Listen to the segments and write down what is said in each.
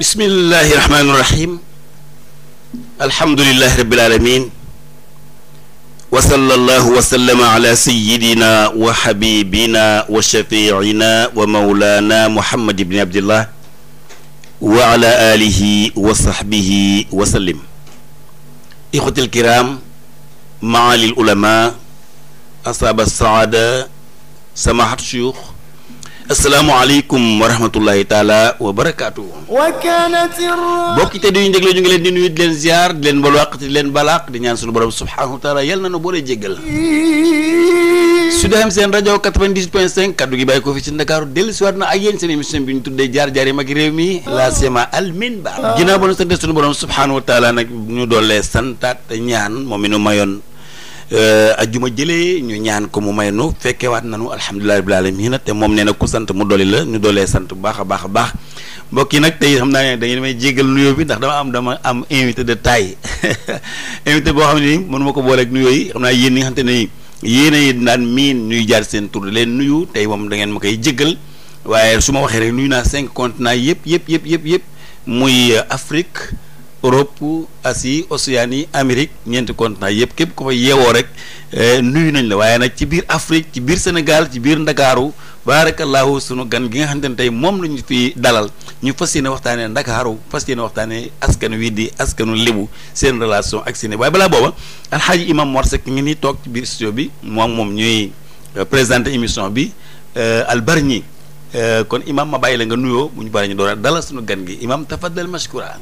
bismillahi rahmaani rahim alhamdulillahi rabbil aalamiin wa sallallahu wa sallama ala sayyidina wa habibina wa shafiicina wa mawlaana Muhammad ibn Abdillah wa ala aalihi wa sahbihi wa sallim ixwatil kiraam maalil ulamaa asaaba saada samahat shuyuux asalaamaaleykum wa rahmatullahi taala wa barakaatu. bokk te du ñu dégle ñu ngi leen di nuyu di leen ziar di leen balwaq di leen balaq di ñaan suñu borom subhaanahu wa taala yal na nu boole jéggal. Sud FM seen rajo 98.5 kaddu gi bàyyi ko fi ci Ndakaaru dellusiwaat na ak yéen seen émission bi ñu tuddee jaar jaar yi mag réew mi la ah. sema al minbar. Ah. ginnaaw ba nu sante suñu borom subhaanahu wa taala nag ñu doole santaat ñaan moom mi nu mayoon. Euh, ajjuma jëlee ñu ñaan ko mu may nu fekkewaat nanu alhamdulilah rabbil alamin te moom nee na ku sant mu dolli la ñu doolee sant bu baax a baax a baax mbokk yi nag tey xam naa ne may jégal nuyoo bi ndax dama am dama am invité de taille invité boo xam ne mënu ma ko boole ak nuyoo yi xam naa yéen ñi nga xamante ne yéen a naan miin ñuy jaar seen tur leen nuyu tey moom da ngeen ma koy jégal waaye su ma waxee rek nuyu naa cinq continents yëpp yëpp yëpp yëpp yëpp muy Afrique Europe Asie Océanie amerique ñeenti continent yëpp képp ku fa yeewoo rek eh, nuyu nañ la waaye nag ci biir Afrique ci biir Sénégal ci biir Ndakaaru baarakallaahu sunu gan gi nga xamante ne tey moom lañu ñu fi dalal ñu fas yéene waxtaanee Ndakaaru fas yéene waxtaanee askan wi di askanu Lebu seen relation ak seen waaye balaa booba alxaaji imam Mor Seck ngi ni toog ci biir studio bi moom moom ñuy eh, présenté émission bi eh, Albargny kon imam ma bàyyi la nga nuyoo bu ñu bari ñu doon dalal sunu gan gi imam tafaddal mashkura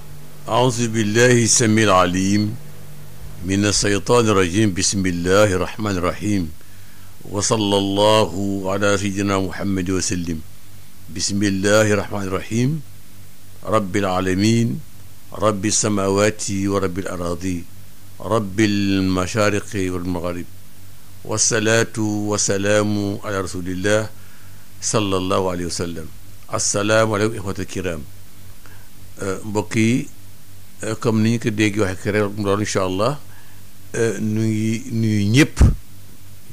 أعوذ بالله السميع العليم من الشيطان الرجيم بسم الله الرحمن الرحيم وصلى الله على سيدنا محمد وسلم بسم الله الرحمن الرحيم رب العالمين رب السماوات ورب الأراضي رب المشارق والمغارب والصلاة والسلام على رسول الله صلى الله عليه وسلم السلام عليكم إخوة الكرام mbokk yi Euh, comme ni ñu ko dégg waxee ko mu doon incha allah nu euh, ngi nuyu ñëpp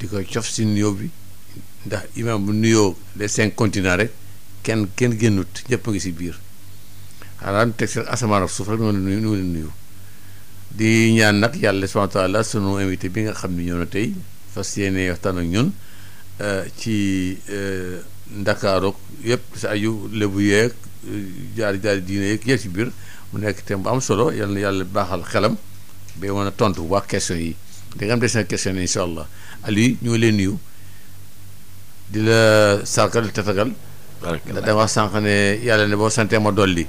di ko cof si nuyoo bi ndax imam bu nuyoo les cinq continents rek kenn kenn génnut ñëpp a ngi si biir xanaa teg seen asamaan ak suuf nuyu di ñaan nag yàlla subhaanahu wa taala sunu invité bi nga xam ne ñëw na tey fas yéene waxtaan ak ñun euh, ci ndakaarook yëpp sa aju lebu yeeg jaar jaar diine yeeg yëpp si biir mu nekk thème bu am solo yal na yàlla baaxal xelam ba mën a tontu waa question yi di nga am des question yi incha allah Aliou leen nuyu di la sargal di tatagal da dama wax sànq ne yàlla ne boo santee ma dolli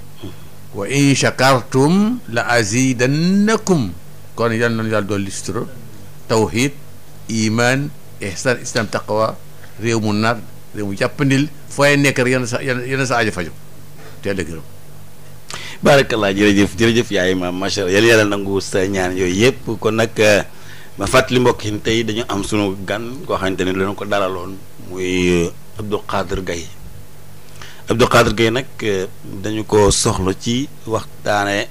wa in shakartum la azidannakum kon yal nañu yàlla dolli sutura tawhid iman ihsan islam taqwa réew mu naat réew mu jàppandil fooy nekk rek yal na sa yal na sa aajo faju barakallah jërëjëf jërëjëf yaay maam macha allah yàlla yàlla nangu sa ñaan yooyu yëpp kon nag ba euh, fàttali mbokk yi tey dañu am sunu gan koo xamante ne leen ko dalaloon muy euh, Abdou Khadre Gaye Abdou Khadre Gaye euh, dañu ko soxla ci waxtaane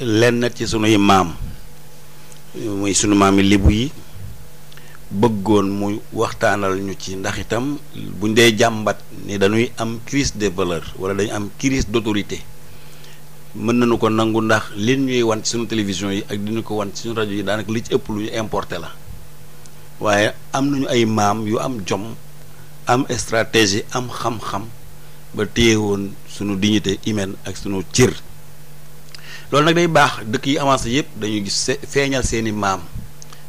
lenn ci sunuy maam muy sunu maam yi libu yi bëggoon mu waxtaanal ñu ci ndax itam buñ dee jàmbat ni dañuy am crise de valeur wala dañu am crise d'autorité mën nañu ko nangu ndax li ñuy wan ci suñu télévision yi ak dina ko wan ci suñu rajo yi daanaka li ci ëpp lu ñu importé la waaye am nañu ay maam yu am jom am stratégie am xam-xam ba téye woon suñu dignité humaine ak suñu cir loolu nag day baax dëkk yi avancé yëpp dañuy gis feeñal seeni maam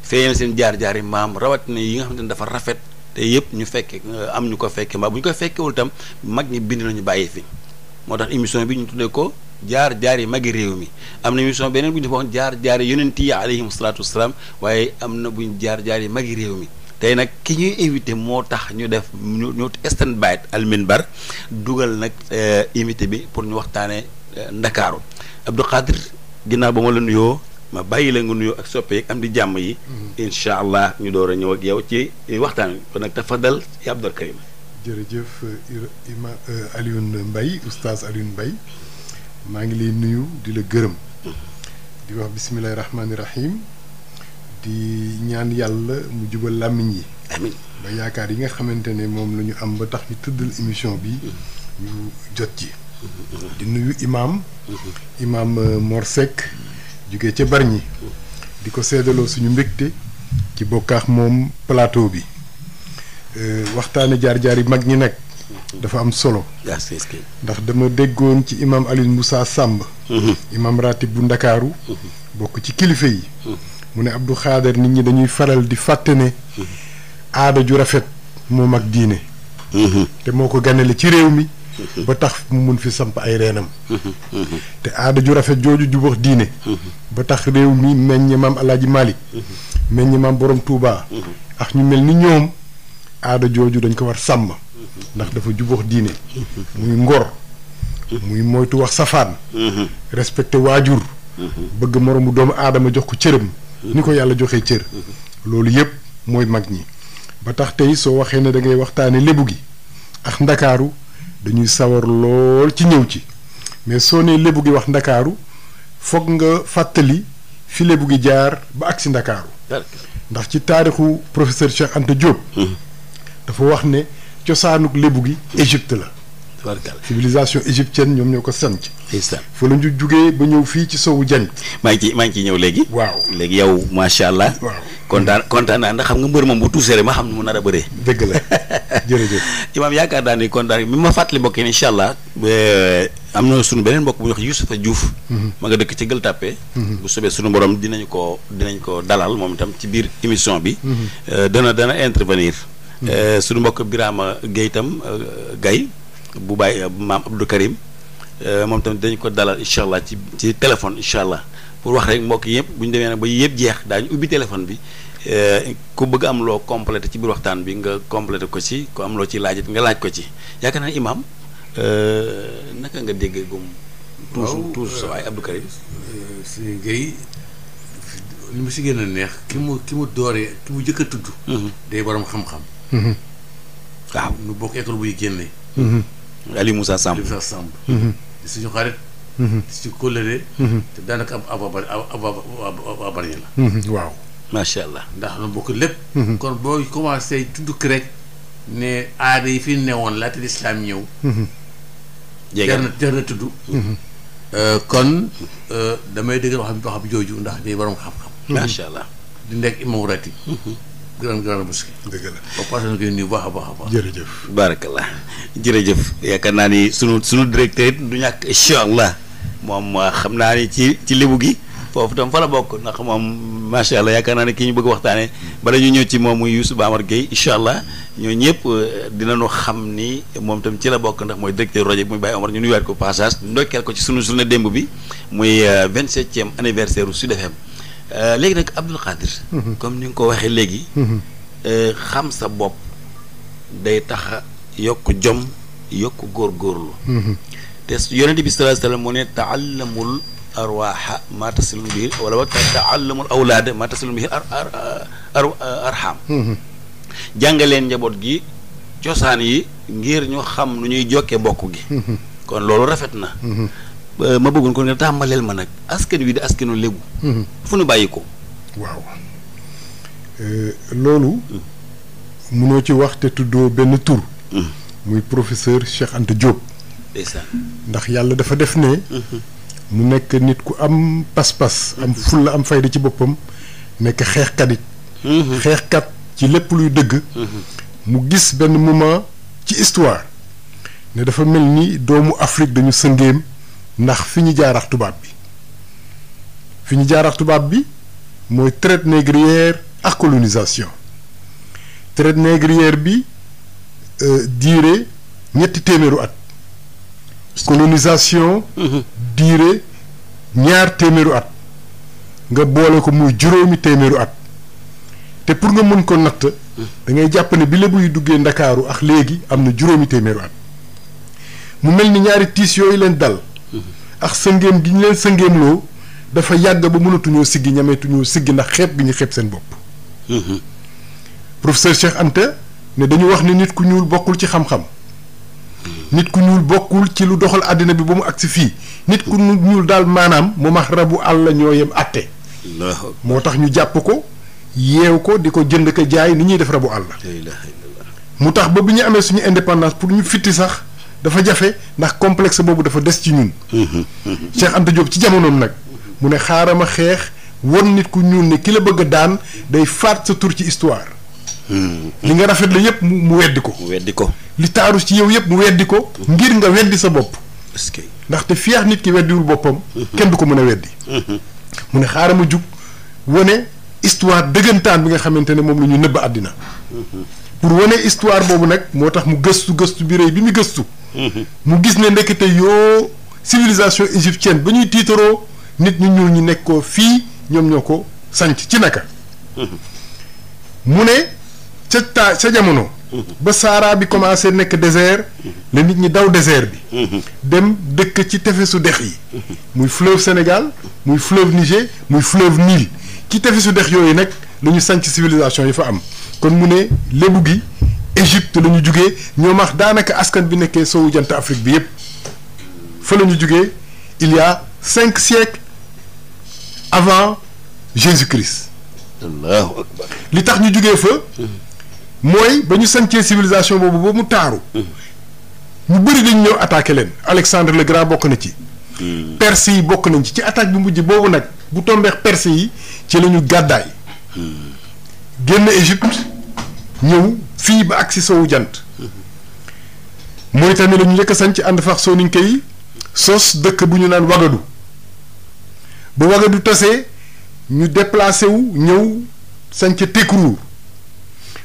feeñal seen jaar-jaari maam rawatina yi nga xam ne dafa rafet te yëpp ñu fekkee euh, am ñu ko fekkee mbaa bu ñu ko fekkewul itam mag ñi bind nañu bàyyi fi moo tax émission bi ñu tuddee ko jaar jaar yi magi réew mi am na émission beneen bu ñu defoon jaar jaar yi yonent yi alayhim salaatu wasalaam waaye am na buñ jaar jaar yi magi réew mi tey nag ki ñuy invité moo tax ñu def ñu ñu stand by alminbar dugal nag eh, invité bi pour ñu waxtaanee eh, ndakaaru Abdou Khadir ginnaaw ba ma la nuyoo ma bàyyi la nga nuyoo ak soppeek am di jàmm yi. Mm-hmm. incha allah ñu door a ñëw ak yow ci eh, waxtaan wi kon nag tafadal ya Abdul Karim. jërëjëf Ima Alioune Mbaye oustaz Alioune maa ngi lay nuyu di la gërëm di wax bisimilahi rahmaani rahim di ñaan yàlla mu jubal làmmiñ yi ba yaakaar yi nga xamante ne moom la ñu am ba tax ñu tëddal émission bi ñu jot ci di nuyu imaam imaam euh, Mor Seck jóge ca Bargny di ko seedaloo suñu mbégte ci bokkaax moom plateau bi euh, waxtaane jaar-jaar yi mag ñi nag dafa am solo. ndax dama déggoon ci imam ali Moussa Samb. Mm-hmm. imam ratib bu Ndakaaru. Mm-hmm. bokk ci kilifa yi. Mm-hmm. mu ne Abdou Khader nit ñi dañuy faral di fàtte ne. aada ju rafet moo mag diine. te moo ko ganale ci réew mi. ba tax mu mun fi samp ay reenam. te aada ju rafet jooju ju wax diine. ba tax réew mi meññ maam El Hadj Malick. meññ maam borom Touba. ñu mel ni ñoom aada jooju dañ ko war sàmm. ndax dafa juboox diine muy ngor muy moytu wax safaan respecté waajur bëgg moroomu doomu aadama jox ko cëram ni ko yàlla joxee cër loolu yépp mooy mag ñi ba tax tey soo waxee ne da ngay waxtaane lébu gi ak ndakaaru dañuy sawar lool ci ñëw ci mais soo nee léebu gi wax ndakaaru foog nga fàttali fi lébu gi jaar ba agsi ndakaaru ndax ci taarixu professeur Cheikh Anta Diop dafa wax ne cosaanuk lébu gi Égypte la. tubarkalla civilisation égyptienne ñoom ñoo ko sanc. ndeysaan fa la ñu jugee ba ñëw fii ci sowu jant. maa ngi ciy maa ngi ciy ñëw léegi. waaw léegi yow macha allah. waaw kontaan kontaan naa ndax xam nga mbër moom bu tuusee ma xam ne mu nar a bëree. dëgg la jërëjëf. imaam yaakaar naa ni kontaan mi ma fàttali mbokk yi allah. Eh, am na sunu beneen mbokk bu ñuy wax Youssoufa Diouf. Mhm. ma nga dëkk ci gël Tapée. Mhm. bu sobee sunu borom dinañu ko dinañ ko dalal moom itam ci biir émission bi. Mhm. Eh, Euh, suñu mbokk Birama Gueye itam euh, gay bu bàyyi maam Abdou Karim euh, moom tamit dañ ko dalal incha allah ci ci téléphone incha allah pour wax rek mbokk yëpp bu ñu demee nag ba yëpp jeex daañu ubbi téléphone bi ku bëgg am loo complété ci biir waxtaan bi nga complété ko ci ku am loo ci laajit nga laaj ko ci yaakaar naa imaam naka nga déggee gum toujours toujours sa waay Abdou Karim si Gueye li mu si gën a neex ki mu ki mu dooree ki mu jëkk a tudd mhm. day borom xam-xam waaw ñu bokk école buy génne. Mhm. Aliou Moussa Samb Aliou Moussa Samb. Mhm. di suñu xarit. Mhm. di suñu te daanaka ab ab ab la. waaw. macha allah ndax nu bokk lépp. kon boo commencé tudd CREC ne aada yi fi newoon laata lislaam ñëw. jeegal na teer na tudd. Euh, kon euh, damay dëggal wax bi jooju ndax day borom xam-xam. macha allah di nekk imam grand grand mosquée. dëgg la ba passé na ko nuyu baax a baax a yaakaar naa ni sunu sunu directeur du ñàkk incha allah moom ah, xam naa ni ci ci libu gi. foofu tam fa la bokk ndax moom macha allah yaakaar naa ne ki ñu bëgg waxtaanee bala ñu ñëw ci moom muy Youssouf Amar Gueye incha allah ñoo ñëpp ah, dinañu xam ni moom tam ci la bokk ndax mooy directeur rajo bi muy Baye Omar ñu nuyuwaat ko passage ndokkeel ko ci sunu journée démb bi muy 27e ah, anniversaire u Sud FM. Euh, léegi nag Abdou Khadre mhm. comme ni nga ko waxee léegi. Mhm. Euh, xam sa bopp day tax yokk jom yokk góorgóorlu. Mhm. te yonent bi sallallahu alayhi wasallam moo ne taallamul arwaaxa maa tasilum bihi wala wa taallamul awlaada maa tasilum bihi ar ar arxaam. jàngaleen njaboot gi cosaan yi ngir ñu xam nu ñuy jokkee bokk gi. kon loolu rafet na. Euh, ma bëggoon ko nga tàmbaleel ma nag askan wi di askanu lébu. Mhm. fu nu bàyyi ko. waaw euh, loolu. mënoo ci wax te tuddoo benn tur. Mhm. muy professeur Cheikh Anta Diop. ndax yàlla dafa def ne. Mhm. mu nekk nit ku am pas-pas. am fulla am fayda ci boppam. nekk xeexkat it. xeexkat ci lépp luy dëgg. mu gis benn moment ci histoire ne dafa mel ni doomu Afrique dañu sëngéem. ndax fi ñu jaarax tubaab bi fi ñu jaarax tubaab bi mooy trait négrière ak colonisation traite négrière bi euh, diire ñetti téeméeru at colonisation mm-hmm. diire ñaar téeméeru at nga boole ko muy juróomi téeméeru at te pour nga mën ko natt dangay ngay jàpp ne bi lépp yu duggee ndakaaru ak léegi am na juróomi téeméeru at mu mel ni ñaari tiis yooyu leen dal ak sëngéem gi ñu leen sëngéemloo dafa yàgg ba mënatuñoo siggi ñameetuñoo siggi ndax xeeb gi ñu xeeb seen bopp. Mm-hmm. professeur Cheikh Anta ne dañu wax ni nit ku ñuul bokkul ci xam mm-hmm. nit ku ñuul bokkul ci lu doxal àddina bi ba mu agsi fii. nit ku ñuul daal maanaam moom ak rabu àll ñoo yem àtte. moo tax ñu jàpp ko yeew ko di ko jënd ko jaay ni ñuy def rabu àll. mu tax ba bi ñu amee suñu indépendance pour ñu fitti sax. dafa jafe ndax complexe boobu dafa des ci ñun. Cheikh Anta Diop ci jamonoom nag mu ne xaaral ma xeex won nit ku ñuul ne ki la bëgg a daan day faat sa tur ci histoire. Hmm. li nga rafet la yëpp mu weddi ko. mu ko li taaru ci yow yëpp mu weddi ko. ngir nga weddi sa bopp. est-ce que ndaxte fiyax nit ki weddiwul boppam. Hmm. kenn du ko mën a weddi. Hmm. mu ne xaaral ma jug wane histoire dëggantaan bi nga xamante ne moom la ñu nëbb àddina. pour wane histoire boobu nag moo tax mu gëstu gëstu bi rëy bi mu gëstu. mu gis ne ndekete yoo civilisation égyptienne ba ñuy tiitaroo nit ñu ñuul ñu nekkoo fii ñoom ñoo ko sanc ci naka. mu ne ca taa ca jamono. ba Sahara bi commencé nekk désert. la nit ñi daw désert bi. dem dëkk ci tefesu dex yi. muy fleuve Sénégal muy fleuve Niger muy fleuve Nil ci tefesu dex yooyu nag la ñu sanc yi fa am. kon mu ne lébu gi Égypte la ñu jugee ñoom wax daanaka askan bi nekkee soowu jant Afrique bi yépp fa la ñu jugee il y cinq siècles avant Jésus-Christ. li tax ñu jugee fa. Hmm. mooy ba ñu sancee civilisation boobu ba mu taaru. Hmm. ñu bëri dañu ñëw attaqué leen Alexandre le Grand bokk na ci. Hmm. Perse yi bokk nañ ci ci attaque bi mujj boobu nag bu tombeex Perse yi ci lañu gàddaay. génn Égypte ñëw fii ba agsi sowu jant Mauritanie la ñu njëkk a sañc ànd fax sooninke yi sos dëkk bu ñu naan Wagadu ba Wagadu tasee ñu déplacé wu ñëw sanc Tekruur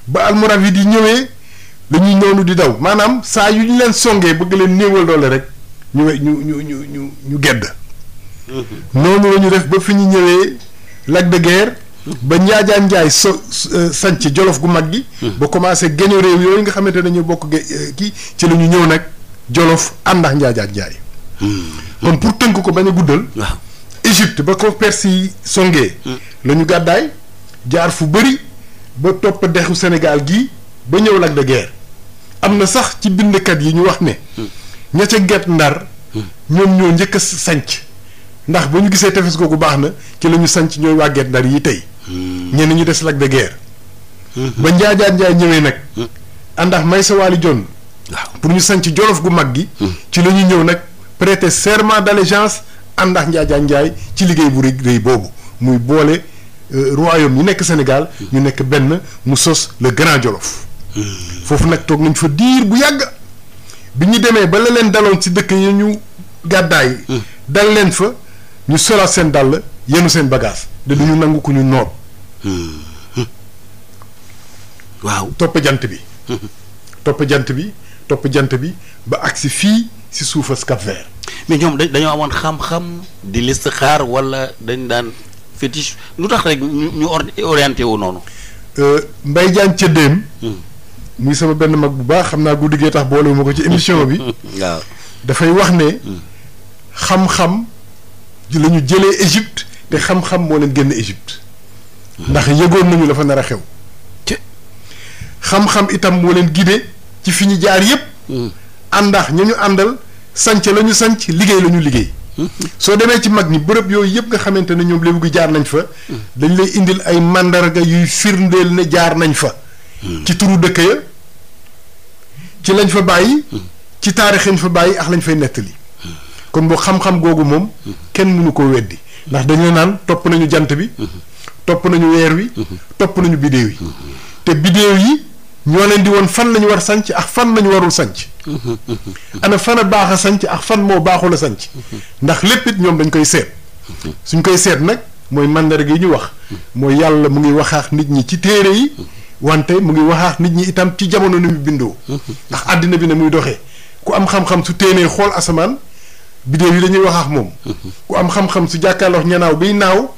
ba almoravid yi ñëwee la ñuy noonu di daw maanaam saa yu ñu leen songee bëgg leen néewal doole rek ñu ñu ñu ñu ñu ñu gedd mm-hmm. noonu la ñu def ba fi ñu ñëwee Lac de ba Njaajaan Njaay so eh, sanc jolof gu mag gi. Hmm. ba commencé génn réew yooyu nga xamante ne ñu bokk eh, kii ci la ñëw nag jolof ànd ak Njaajaan Njaay. Hmm. kon pour tënk ko bañ a Égypte ba ko Perse yi hmm. la ñu gàddaay jaar fu bëri ba topp dexu Sénégal gii ba ñëw Lac de Guiers am na sax ci bindkat yi ñu wax ne. ña ca get ndar. ñoom ñoo njëkk a sanc ndax ba ñu gisee tefes googu baax na ci la ñu sanc ñooy wàggeet ndar yi tey. Hmm. ñenn ñu des Lac de Guiers. Hmm. ba Njaajaan Njaay ñëwee nag. Hmm. àndax may sa waali jonn waaw pour ñu sanc jolof gu mag gi. ci la ñuy ñëw nag prêter serment d'allégeance àndax Njaajaan Njaay ci liggéey bu rëy boobu muy boole euh, royaume yi nekk Sénégal. ñu nekk benn mu sos le grand jolof. foofu nag toog nañ fa diir bu yàgg. bi ñu demee ba la leen daloon ci dëkk yi ñu gàddaay. dal leen fa. ñu solaat seen dàll yenu seen bagage de du ñu nangu ku ñu noon waaw topp jant bi topp jant bi topp jant bi ba agsi fii si suufa Cap Vert mais ñoom dañoo amoon xam-xam di xaar wala dañ daan fétiche lu tax rek ñu orienté wu noonu euh, Mbaye Diagne Cëddeem hmm. muy sama benn mag bu baax xam naa guddi gee tax boolewuma ko ci émission bi waaw dafay wax ne hmm. xam-xam la ñu jëlee Égypte te xam-xam moo leen génn Égypte ndax yëgoon nañu la fa nar a xew xam-xam itam moo leen guidé ci fi ñu jaar yépp hmm. àndax ña ñu àndal sanc lañu ñu sanc liggéey la ñu liggéey hmm. soo demee ci mag ñi bërëb yooyu yëpp nga xamante ne ñoom léegi jaar nañ fa hmm. dañ lay indil ay màndarga yuy firndeel ne jaar nañ fa ci turu dëkk ya ci lañ fa bàyyi ci taarix lañ fa bàyyi ak lañ fay nettali kon boo xam-xam googu moom kenn mu mënu ko weddi ndax dañu naan topp nañu jant bi topp nañu weer wi topp nañu bidéew yi te bidéew yi ñoo leen di woon fan lañu war sanc ak fan lañu warul sanc ana fan baax sanc ak fan moo baaxul a sanc ndax lépp it ñoom dañ koy seet suñ koy seet nag mooy mandarga yi ñu wax mooy yàlla mu ngi waxaax nit ñi ci téere yi wante mu ngi waxaax nit ñi itam ci jamono ni mu bindoo ndax àddina bi nag muy doxee ku am xam-xam su téenee xool asamaan biddéew yi dañuy wax ak moom. ku am xam-xam su jàkkaarloo ñanaaw biy naaw.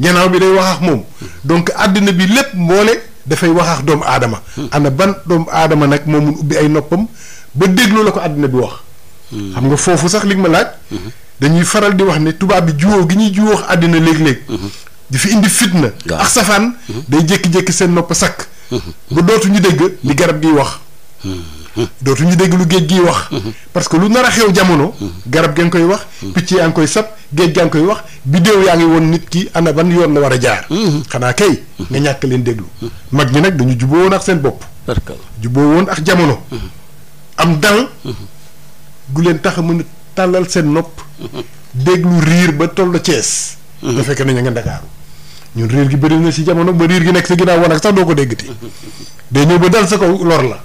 ñanaaw bi day wax ak moom. donc àddina bi lépp mboole dafay wax ak doomu aadama. ana ban doomu aadama nag moo mun ubbi ay noppam ba déglu la ko àddina bi wax. xam nga foofu sax li ma laaj. dañuy faral di wax ne tubaab bi juwoo gi ñuy juwoo àddina léeg-léeg. di fi indi fitna. ak safaan. day jékki-jékki seen nopp sakk. ba dootuñu dégg li garab gi wax. dootu ñu dégg lu géej gi wax. Mm-hmm. parce que lu nar a xew jamono. Mm-hmm. garab gi nga koy wax. Mm-hmm. picc yaa ngi koy sab géej gaa ngi koy wax bidéew yaa ngi woon nit ki ana ban yoon la war a jaar. xanaa kay nga ñàkk leen déglu. mag ñi nag dañu juboo woon ak seen bopp. juboo woon ak jamono. am dal. gu leen tax a mën tàllal seen nopp. déglu riir ba toll Cees. da fekk nañ nga Ndakaaru ñun riir gi bëri na si jamono ba riir gi nekk sa ginnaaw woon ak sax doo ko dégg day ñëw ba dal sa kaw lor la.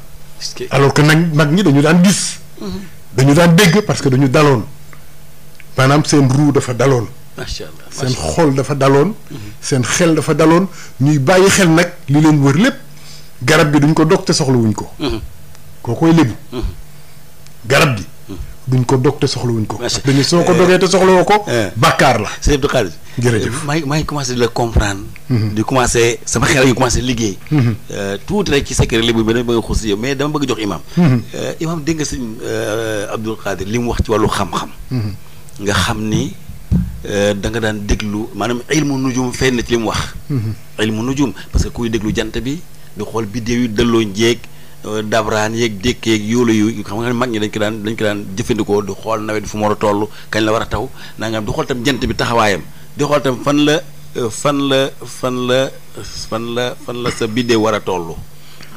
alors que nag mag ñi dañu daan gis. Mm-hmm. dañu daan dégg parce que dañu daloon maanaam seen ruu dafa daloon. macha allah seen xol dafa daloon. Mm-hmm. seen xel dafa daloon ñuy bàyyi xel nag li leen wër lépp garab gi duñ ko dog te soxlawuñ ko. Mm-hmm. koo koy lébu. garab gi. duñ ko dog te soxlawuñ ko. macha allah dañu soo ko eh, dogee te soxlawoo ko. Eh. bàkkaar la. jërëjëf maa ngi euh, maa ngi commencé di la comprendre. Mhm. di commencé sama xel yi commencé liggéey. Mhm. Euh, tuuti rek ci secret li bu bi dama bëgg a xuus yow mais dama bëgg jox imam. Mhm. Euh, imam dégg nga sëñ Abdul Qadir li mu wax ci wàllu xam-xam. nga xam ni da nga daan déglu maanaam ilmu nujum fenn ci li mu wax. ilmu nujum parce que kuy déglu jant bi di xool biddéew yu delloo jéeg. dabraan yeeg dékk yeeg yoolu yu xam nga ne mag ñi dañ ko daan dañ ko daan jëfandikoo du xool nawet fu mu war a toll kañ la war a taw naa du xool tam jant bi taxawaayam di xool tam fan la fan la fan la fan la fan la sa biddee war a toll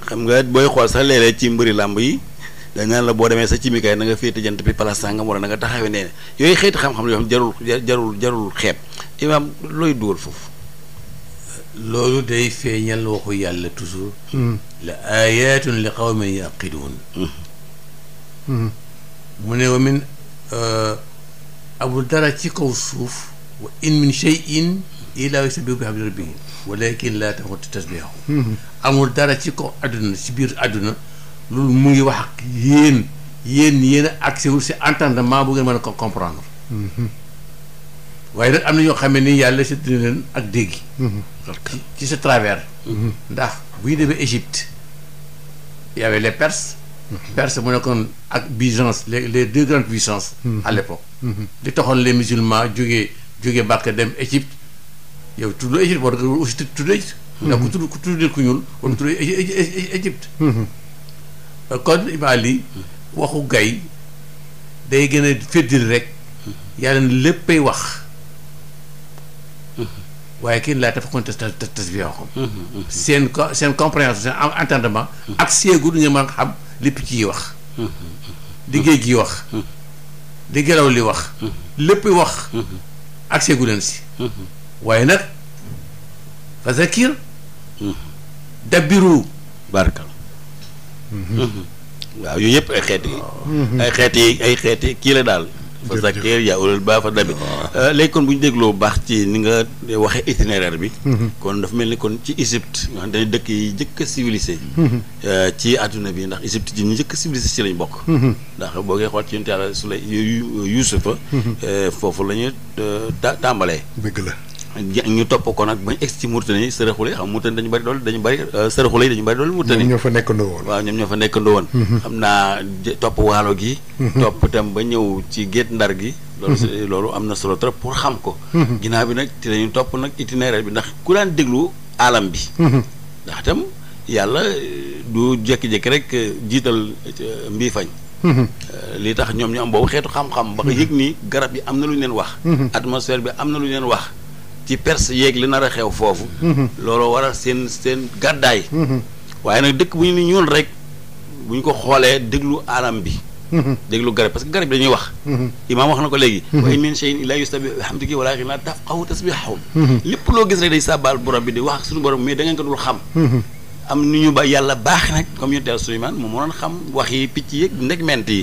xam nga booy xool sax léeg ci mbëri làmb yi dañ naan la boo demee sa cimikaay na nga féete jant bi place sàngam wala na nga taxawee nee yooyu xeeti xam-xam yoo xam jarul jarul jarul xeeb imaam looy dugal foofu loolu day feeñal waxu toujours hmm. la ayatun li qawmin yaqiluun hmm. hmm. mu ne wa min euh, dara ci kaw suuf wa in min shay'in illaa yusabbihu bihamdi rabbihi walakin laa taxutu tasbihahu amul dara ci kaw àdduna si biir àdduna loolu mu ngi wax ak yéen yéen yéen a accès wul si entendement bu ngeen mën ko comprendre waaye nag am na ñoo xamee ni yàlla seddina leen travers ndax bu ñu demee Égypte y avait les Perses Perse mu nekkoon ak Byzance les les deux grandes puissances à l'époque di mhm. taxoon les musulmans jógee jóge Mbàkke dem Égypte yow tudd Égypte war nga aussi tudd Égypte mhm. ndax ku tudd kon tudd Égypte mhm. waxu gay day gën a féddil rek mhm. yàlla na léppay wax waaye kenn laa dafa konte tas bi waxam seen seen compréhension seen entendement ak seegu du ñu mën a xam li picc yi wax li géej gi wax li gelaw li wax lépp wax accès gu leen si. Mm-hmm. waaye nag fa zakir mm-hmm. dabiru barkal mm-hmm. waaw yooyu yëpp ay xeet yi ay xeet yi ay xeet yi kii la daal fa zakir ya ulul baa fa dabi ah. euh, léegi kon bu ñu dégloo baax ci ni nga waxee itinéraire bi mhm. kon dafa mel ni kon ci Égypte nga xam ne dëkk yi jëkk a mhm. euh, ci àdduna bi ndax Égypte ci ñu njëkk a civilisé ci lañ bokk mhm. ndax boo koy xool ci yonent yàlla su lay Yuusufa euh, foofu la ñu tàmbalee dëgg la ñu topp ko nag bañ egg ci Mauritanie sërëxule xam Mauritanie dañu bëri doole dañu bëri euh, sërëxule yi dañu bëri doole Mauritanie ñoom ñoo fa nekkandoo woon waaw ñoom ñoo fa nekkandoo woon mm-hmm. mm-hmm. ba ñëw ci gétt ndar gi loolu si mm-hmm. loolu am na solo trop pour xam ko ginnaaw bi nag ci lañu topp nag itinéraire bi ndax ku daan déglu alam bi ndax itam yàlla euh, du jékki-jékki rek euh, jiital mbii fañ li tax ñoom ñu am boobu xeetu xam-xam ba yëg ni garab yi am na lu ñu wax atmosphère bi am na lu ñu wax ci perse yeeg li nar a xew foofu. Mhm. looloo waral seen seen gàddaay. Mhm. waaye nag dëkk bu ñu ni ñuul rek bu ñu ko xoolee déglu alam bi. Mhm. déglu garab parce que garab bi dañuy wax. imaam wax na ko léegi. wa in min shay'in illaa yusabbihu bihamdihi walaakin laa tafqahuuna tasbiihahum. lépp loo gis rek day sàbbaal borom ak suñu borom mais da ko dul xam. am nu ñu ba yàlla baax nag comme ñu teel Suleymaan moom moo doon xam wax yi picc yeeg ndeg ment yi.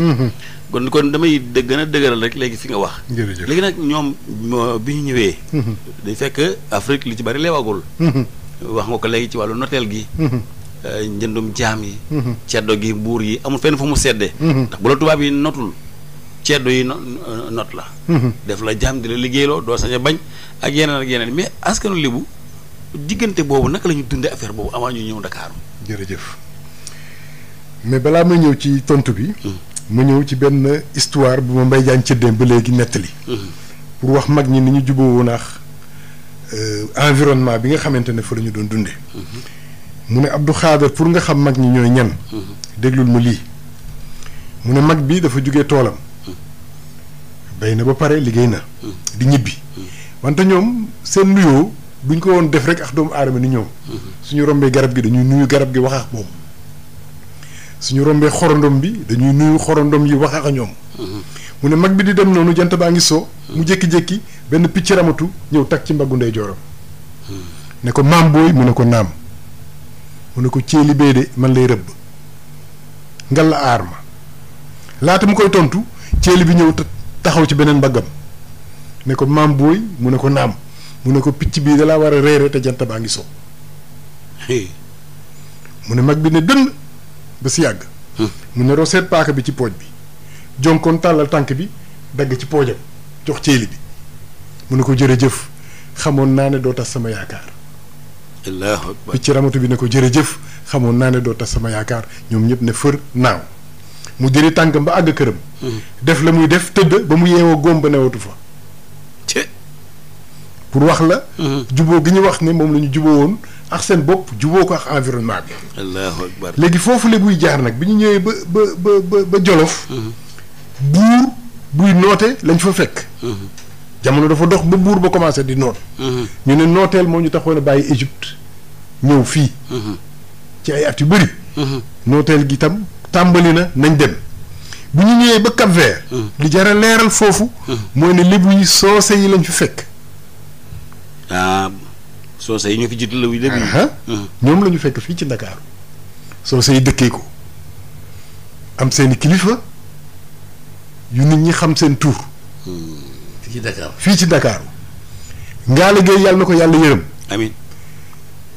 kon kon damay gën a dëgëral rek léegi fi nga wax. jërëjëf léegi nag ñoom bi ñu ñëwee. Mhm. day fekk Afrique li ci bari leewagul. Mhm. wax nga ko léegi ci wàllu noteel gi. Mhm. Euh, njëndum jaam yi. ceddo gi buur yi amul fenn fu mu sedde ndax bu la tubaab yi notul ceddo yi not la. def la jaam di la liggéeyloo doo sañ bañ ak yeneen ak yeneen mais askanu libu diggante boobu naka lañu ñu dundee affaire boobu avant ñu ñëw Dakar. jërëjëf mais balaa may ñëw ci tontu bi. Hmm. mu ñëw ci benn histoire bu ma Mbaye Diagne cëddee ba léegi nettali. pour wax mag ñi ni ñu jubóowoo naax euh, environnement bi nga xamante ne fa lañu doon dunde mu ne Abdou Khader pour nga xam mag ñi ñooy ñan. déglul ma lii mu ne mag bi dafa jóge toolam. bay na ba pare liggéey na. di ñibbi. wante ñoom seen nuyoo duñ ko woon def rek ax doomu aadama ni ñoom. suñu rombee garab gi dañuy nuyu garab gi wax ak moom. su ñu rombee xorondom bi dañuy nuyu xorondom yi wax ak ñoom. mu ne mag bi di dem noonu jant baa ngi soo. mu jékki-jékki benn picc ramatu ñëw tag ci mbaggu ndeyjooram. ne ko maam booy mu ne ko naam. mu ne ko ceeli bee de man lay rëbb. ngal la aar laata mu koy tontu ceeli bi ñëw taxaw ci beneen mbaggam ne ko maam booy mu ne ko naam mu ne ko picc bii dalaa war a reere te jant baa ngi so mu ne mag bi ne dënn ba si yàgg. mu ne roseet paaka bi ci pooj bi jonkoon tàllal tànk bi dagg ci poojam jox ceeli bi mu ne ko jërëjëf xamoon naa ne doo sama yaakaar. allahu bi ne ko jërëjëf xamoon naa ne doo tas sama yaakaar ñoom ñëpp ne fër naaw mu jëri tànkam ba àgg këram. Hmm. def la muy def tëdd ba mu yeewoo góom newatu fa. pour wax la. Mm-hmm. juboo gi ñu wax ne moom lañu juboo woon ak seen bopp juboo ko ak environnement bi. allahu akbar léegi foofu la buy jaar nag bi ñu ñëwee ba ba ba ba Jolof. Mm-hmm. buur buy noote lañ fa fekk. Mm-hmm. jamono dafa dox ba buur ba commencé di noot. ñu ne nooteel moo ñu taxoon a bàyyi Égypte ñëw fii. ci ay at yu bëri. nooteel gi tam tàmbali na nañ dem. bu ñu ñëwee ba Cap-Vert. li jar leeral foofu. mooy ne lébu yi soose yi lañ fi fekk. Ah, soose yi ñu fi jiitu la wuy léegi. Ah, ah. uh-huh. ñoom la fekk fii ci Ndakaaru soose yi dëkkee ko am seeni kilifa yu nit ñi xam seen tur. Hmm. fii ci Dakar fii ci Dakar. ngaa liggéey yàlla na ko yàlla yërëm. amiin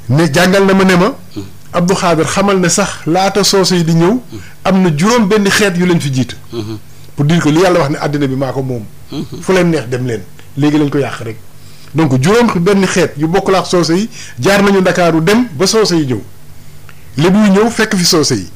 ne jàngal na ma ne ma. Hmm. Abdou Khader xamal ne sax laata soose yi di ñëw. Hmm. am na juróom benn xeet yu leen fi jiitu. pour dire que li yàlla wax ne àddina bi maa ko moom. fu leen neex dem leen léegi lañ ko yàq rek. donc juróom benn xeet yu bokkul ak soose yi jaar nañu ndakaaru dem ba soose yi ñëw lébu yu ñëw fekk fi soose yi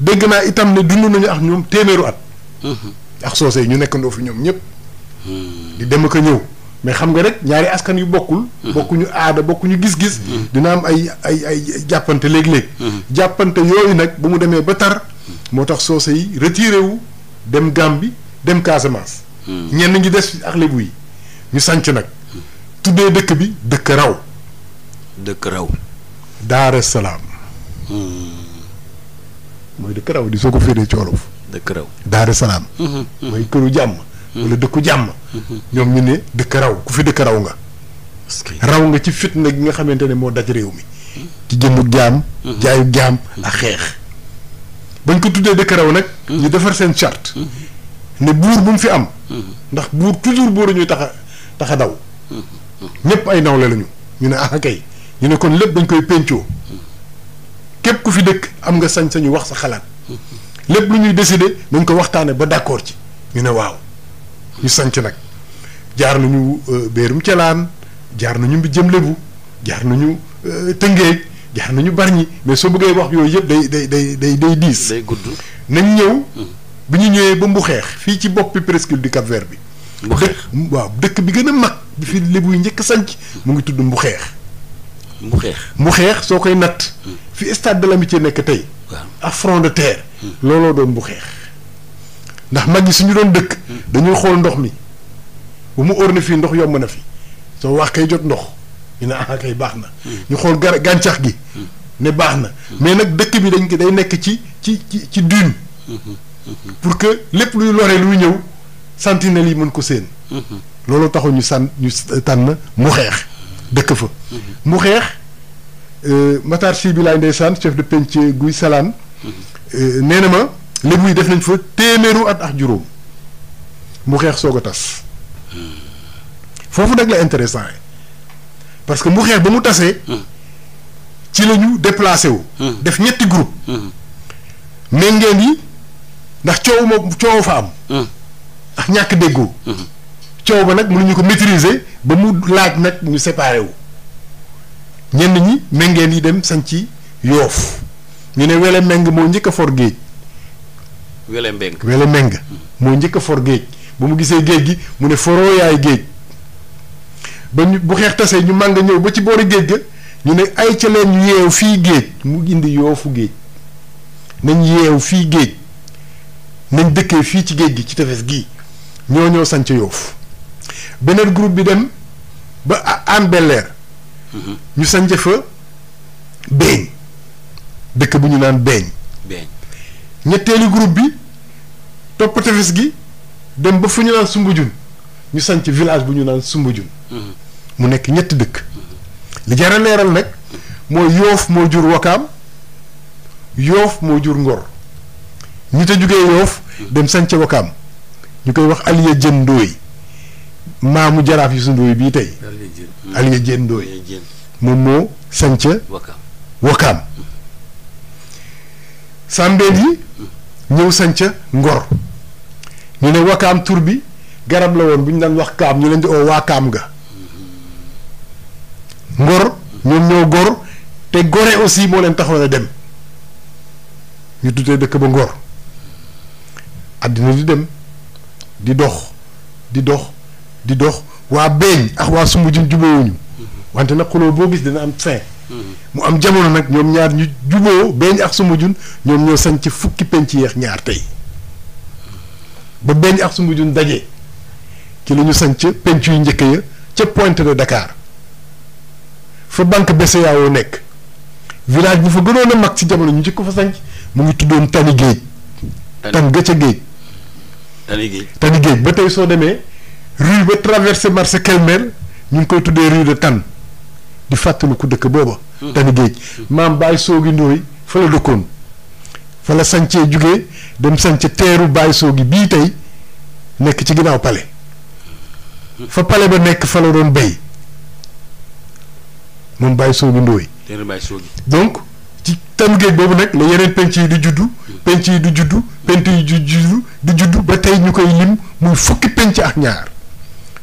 dégg naa itam ne dund nañu ak ñoom téeméeru at. Mm-hmm. ak soose yi ñu nekkandoo fi ñoom ñëpp. Mm-hmm. di dem ak a ñëw mais xam nga rek ñaari askan yu bokkul. Mm-hmm. bokkuñu aada bokkuñu gis-gis. dina am ay ay jàppante léeg-léeg. jàppante yooyu nag bu mu demee ba tar moo tax soose yi retiré wu dem Gàmbi dem Casamance. ñenn ñi des ak lébu yi ñu sanc nag. tuddee dëkk bi dëkk raw. dëkk Daara Salaam. Hmm. mooy dëkk raw di soo ko féeree ci wolof. dëkk raw Daara hmm, hmm, mooy këru jàmm. wala dëkku jàmm. ñoom ñu ne dëkk raw ku fi dëkk raw nga. raw nga ci fitna gi nga xamante ne moo daj réew mi. ci jëmmu jàmm jaayu jàmm ak xeex. bañ ko tuddee dëkk raw nag. ñu defar seen charte. ne buur bu mu fi am. ndax buur toujours buur ñuy tax a tax a daw. ñëpp ay nawle lañu ñu ne ah kay ñu ne kon lépp dañ koy péncoo képp ku fi dëkk am nga sañ-sañu wax sa xalaat lépp lu ñuy décider dañ ko waxtaane ba d'accord ci ñu ne waaw ñu sañc nag jaar nañu euh, Béerum Celaan jaar nañu mbi jëm Lebu jaar nañu euh, Tëngéej jaar nañu ñi mais soo bëggee wax yooyu yëpp day day day day day diis. day nañ ñëw. Hmm. bi ñu ñëwee ba mbu xeex fii ci boppi presqu'île du Cap-Vert bi. mbuxeex waaw dëkk bi gën a mag bi fi lébu yi njëkk a sanc mu ngi tudd mbuxeex. mbuxeex mbuxeex soo koy natt. Hmm. fi stade de l'amitié nekk tey. ak front de terre. Hmm. looloo doon mbuxeex. ndax mag ñi suñu doon dëkk. Hmm. dañuy xool ndox mi bu mu óor na fii ndox yomb na fi soo wax kay jot ndox ñu ne ah kay baax na. ñu xool gar gàncax gi. ne baax na mais nag dëkk bi dañ day nekk ci ci ci ci dune. pour que lépp luy lore luy ñëw. sentinelle yi mën ko séen. loolu taxu ñu san ñu tànn mu xeex dëkk fa. mu xeex euh, Matar Sy bi laay ndeysaan chef de penc guy salaan euh, nee na ma lébu yi def nañ fa téeméeru at ak juróom mu xeex soog a tas. foofu nag la intéressant parce que mu xeex ba mu tasee. ci la ñu wu. def ñetti groupe méngeen yi ndax coow moo fa am. ak ñàkk déggoo. coow ba nag mënuñu ko maîtriser ba mu laaj nag ñu séparé wu. ñenn ñi méngeen yi dem sañ ci yoof ñu ne wele méng moo njëkk a for géej. wele méng wele méng moo njëkk foor géej ba mu gisee géej gi mu ne foroo géej ba ñu bu xeex tasee ñu màng ñëw ba ci boori géej ga ñu ne ay ca leen yeew fii géej mu indi yoofu géej nañ yeew fii géej nañ dëkkee fii ci géej gi ci tefes gi ñoo ñëw sanc yoof beneen groupe bi dem ba Hann bel mhm. ñu sanc fa beeñ dëkk bu ñu naan beeñ ñetteelu groupe bi topp tefes gi dem ba fu ñu naan Sumbujun ñu sanc village bu ñu naan Sumbujun mhm. mu nekk ñetti dëkk li jar a leeral mooy yoof moo jur wakaam yoof moo jur ngor ñu te jugee yoof mhm. dem sanc wakaam ñu koy wax Aliya Jën Ndooy maamu jaraaf Youssou Ndoye bii tey Aliya Jën Ndooy moom moo sanc Wakaam sàmbeel yi ñëw sanc Ngor ñu ne Wakaam tur bi garab la woon bu ñu daan wax kaam ñu leen di oo waakaam nga Ngor ñoom ñoo gor te gore aussi moo leen taxoon a dem ñu tuddee dëkk ba Ngor àddina di dem di dox di dox di dox waa beeñ ak waa suma jun jubóowuñu mm-hmm. wante nag xuloo boo gis dina am fin mm-hmm. mu am jamono nag ñoom ñaar ñu juboo beeñ ak suma jun ñoom ñoo sañ ci fukki penc yeex ñaar tey ba beeñ ak sumb jun daje ci la ñu sañ ca penc yu njëkk ya ca Pointe de Dakar fa banque BCEAO nekk village bu fa gënoon a mag ci jamono ñu njëkk ko fa sañc mu ngi tuddoon Tani Géej tan ga géej Tali Géej ba tey soo demee rue ba traversé marché Kelmer ñu ngi koy tuddee rue de Tann di ku dëkk booba. Hmm. Tali Géej hmm. maam Baye Soogi Ndooy fa la dëkkoon fa la sancee jugee dem sance teeru Baye Soogi bii tey nekk ci ginnaaw pale hmm. fa pale ba nekk fa la doon béy moom Baye Soogi Ndooy. teeru Baye Soogi donc ci Tali Géej boobu nag la yeneen penc yi di juddu. penc yi du juddu penc yi du juddu du juddu ba tey ñu koy lim muy fukki penc ak ñaar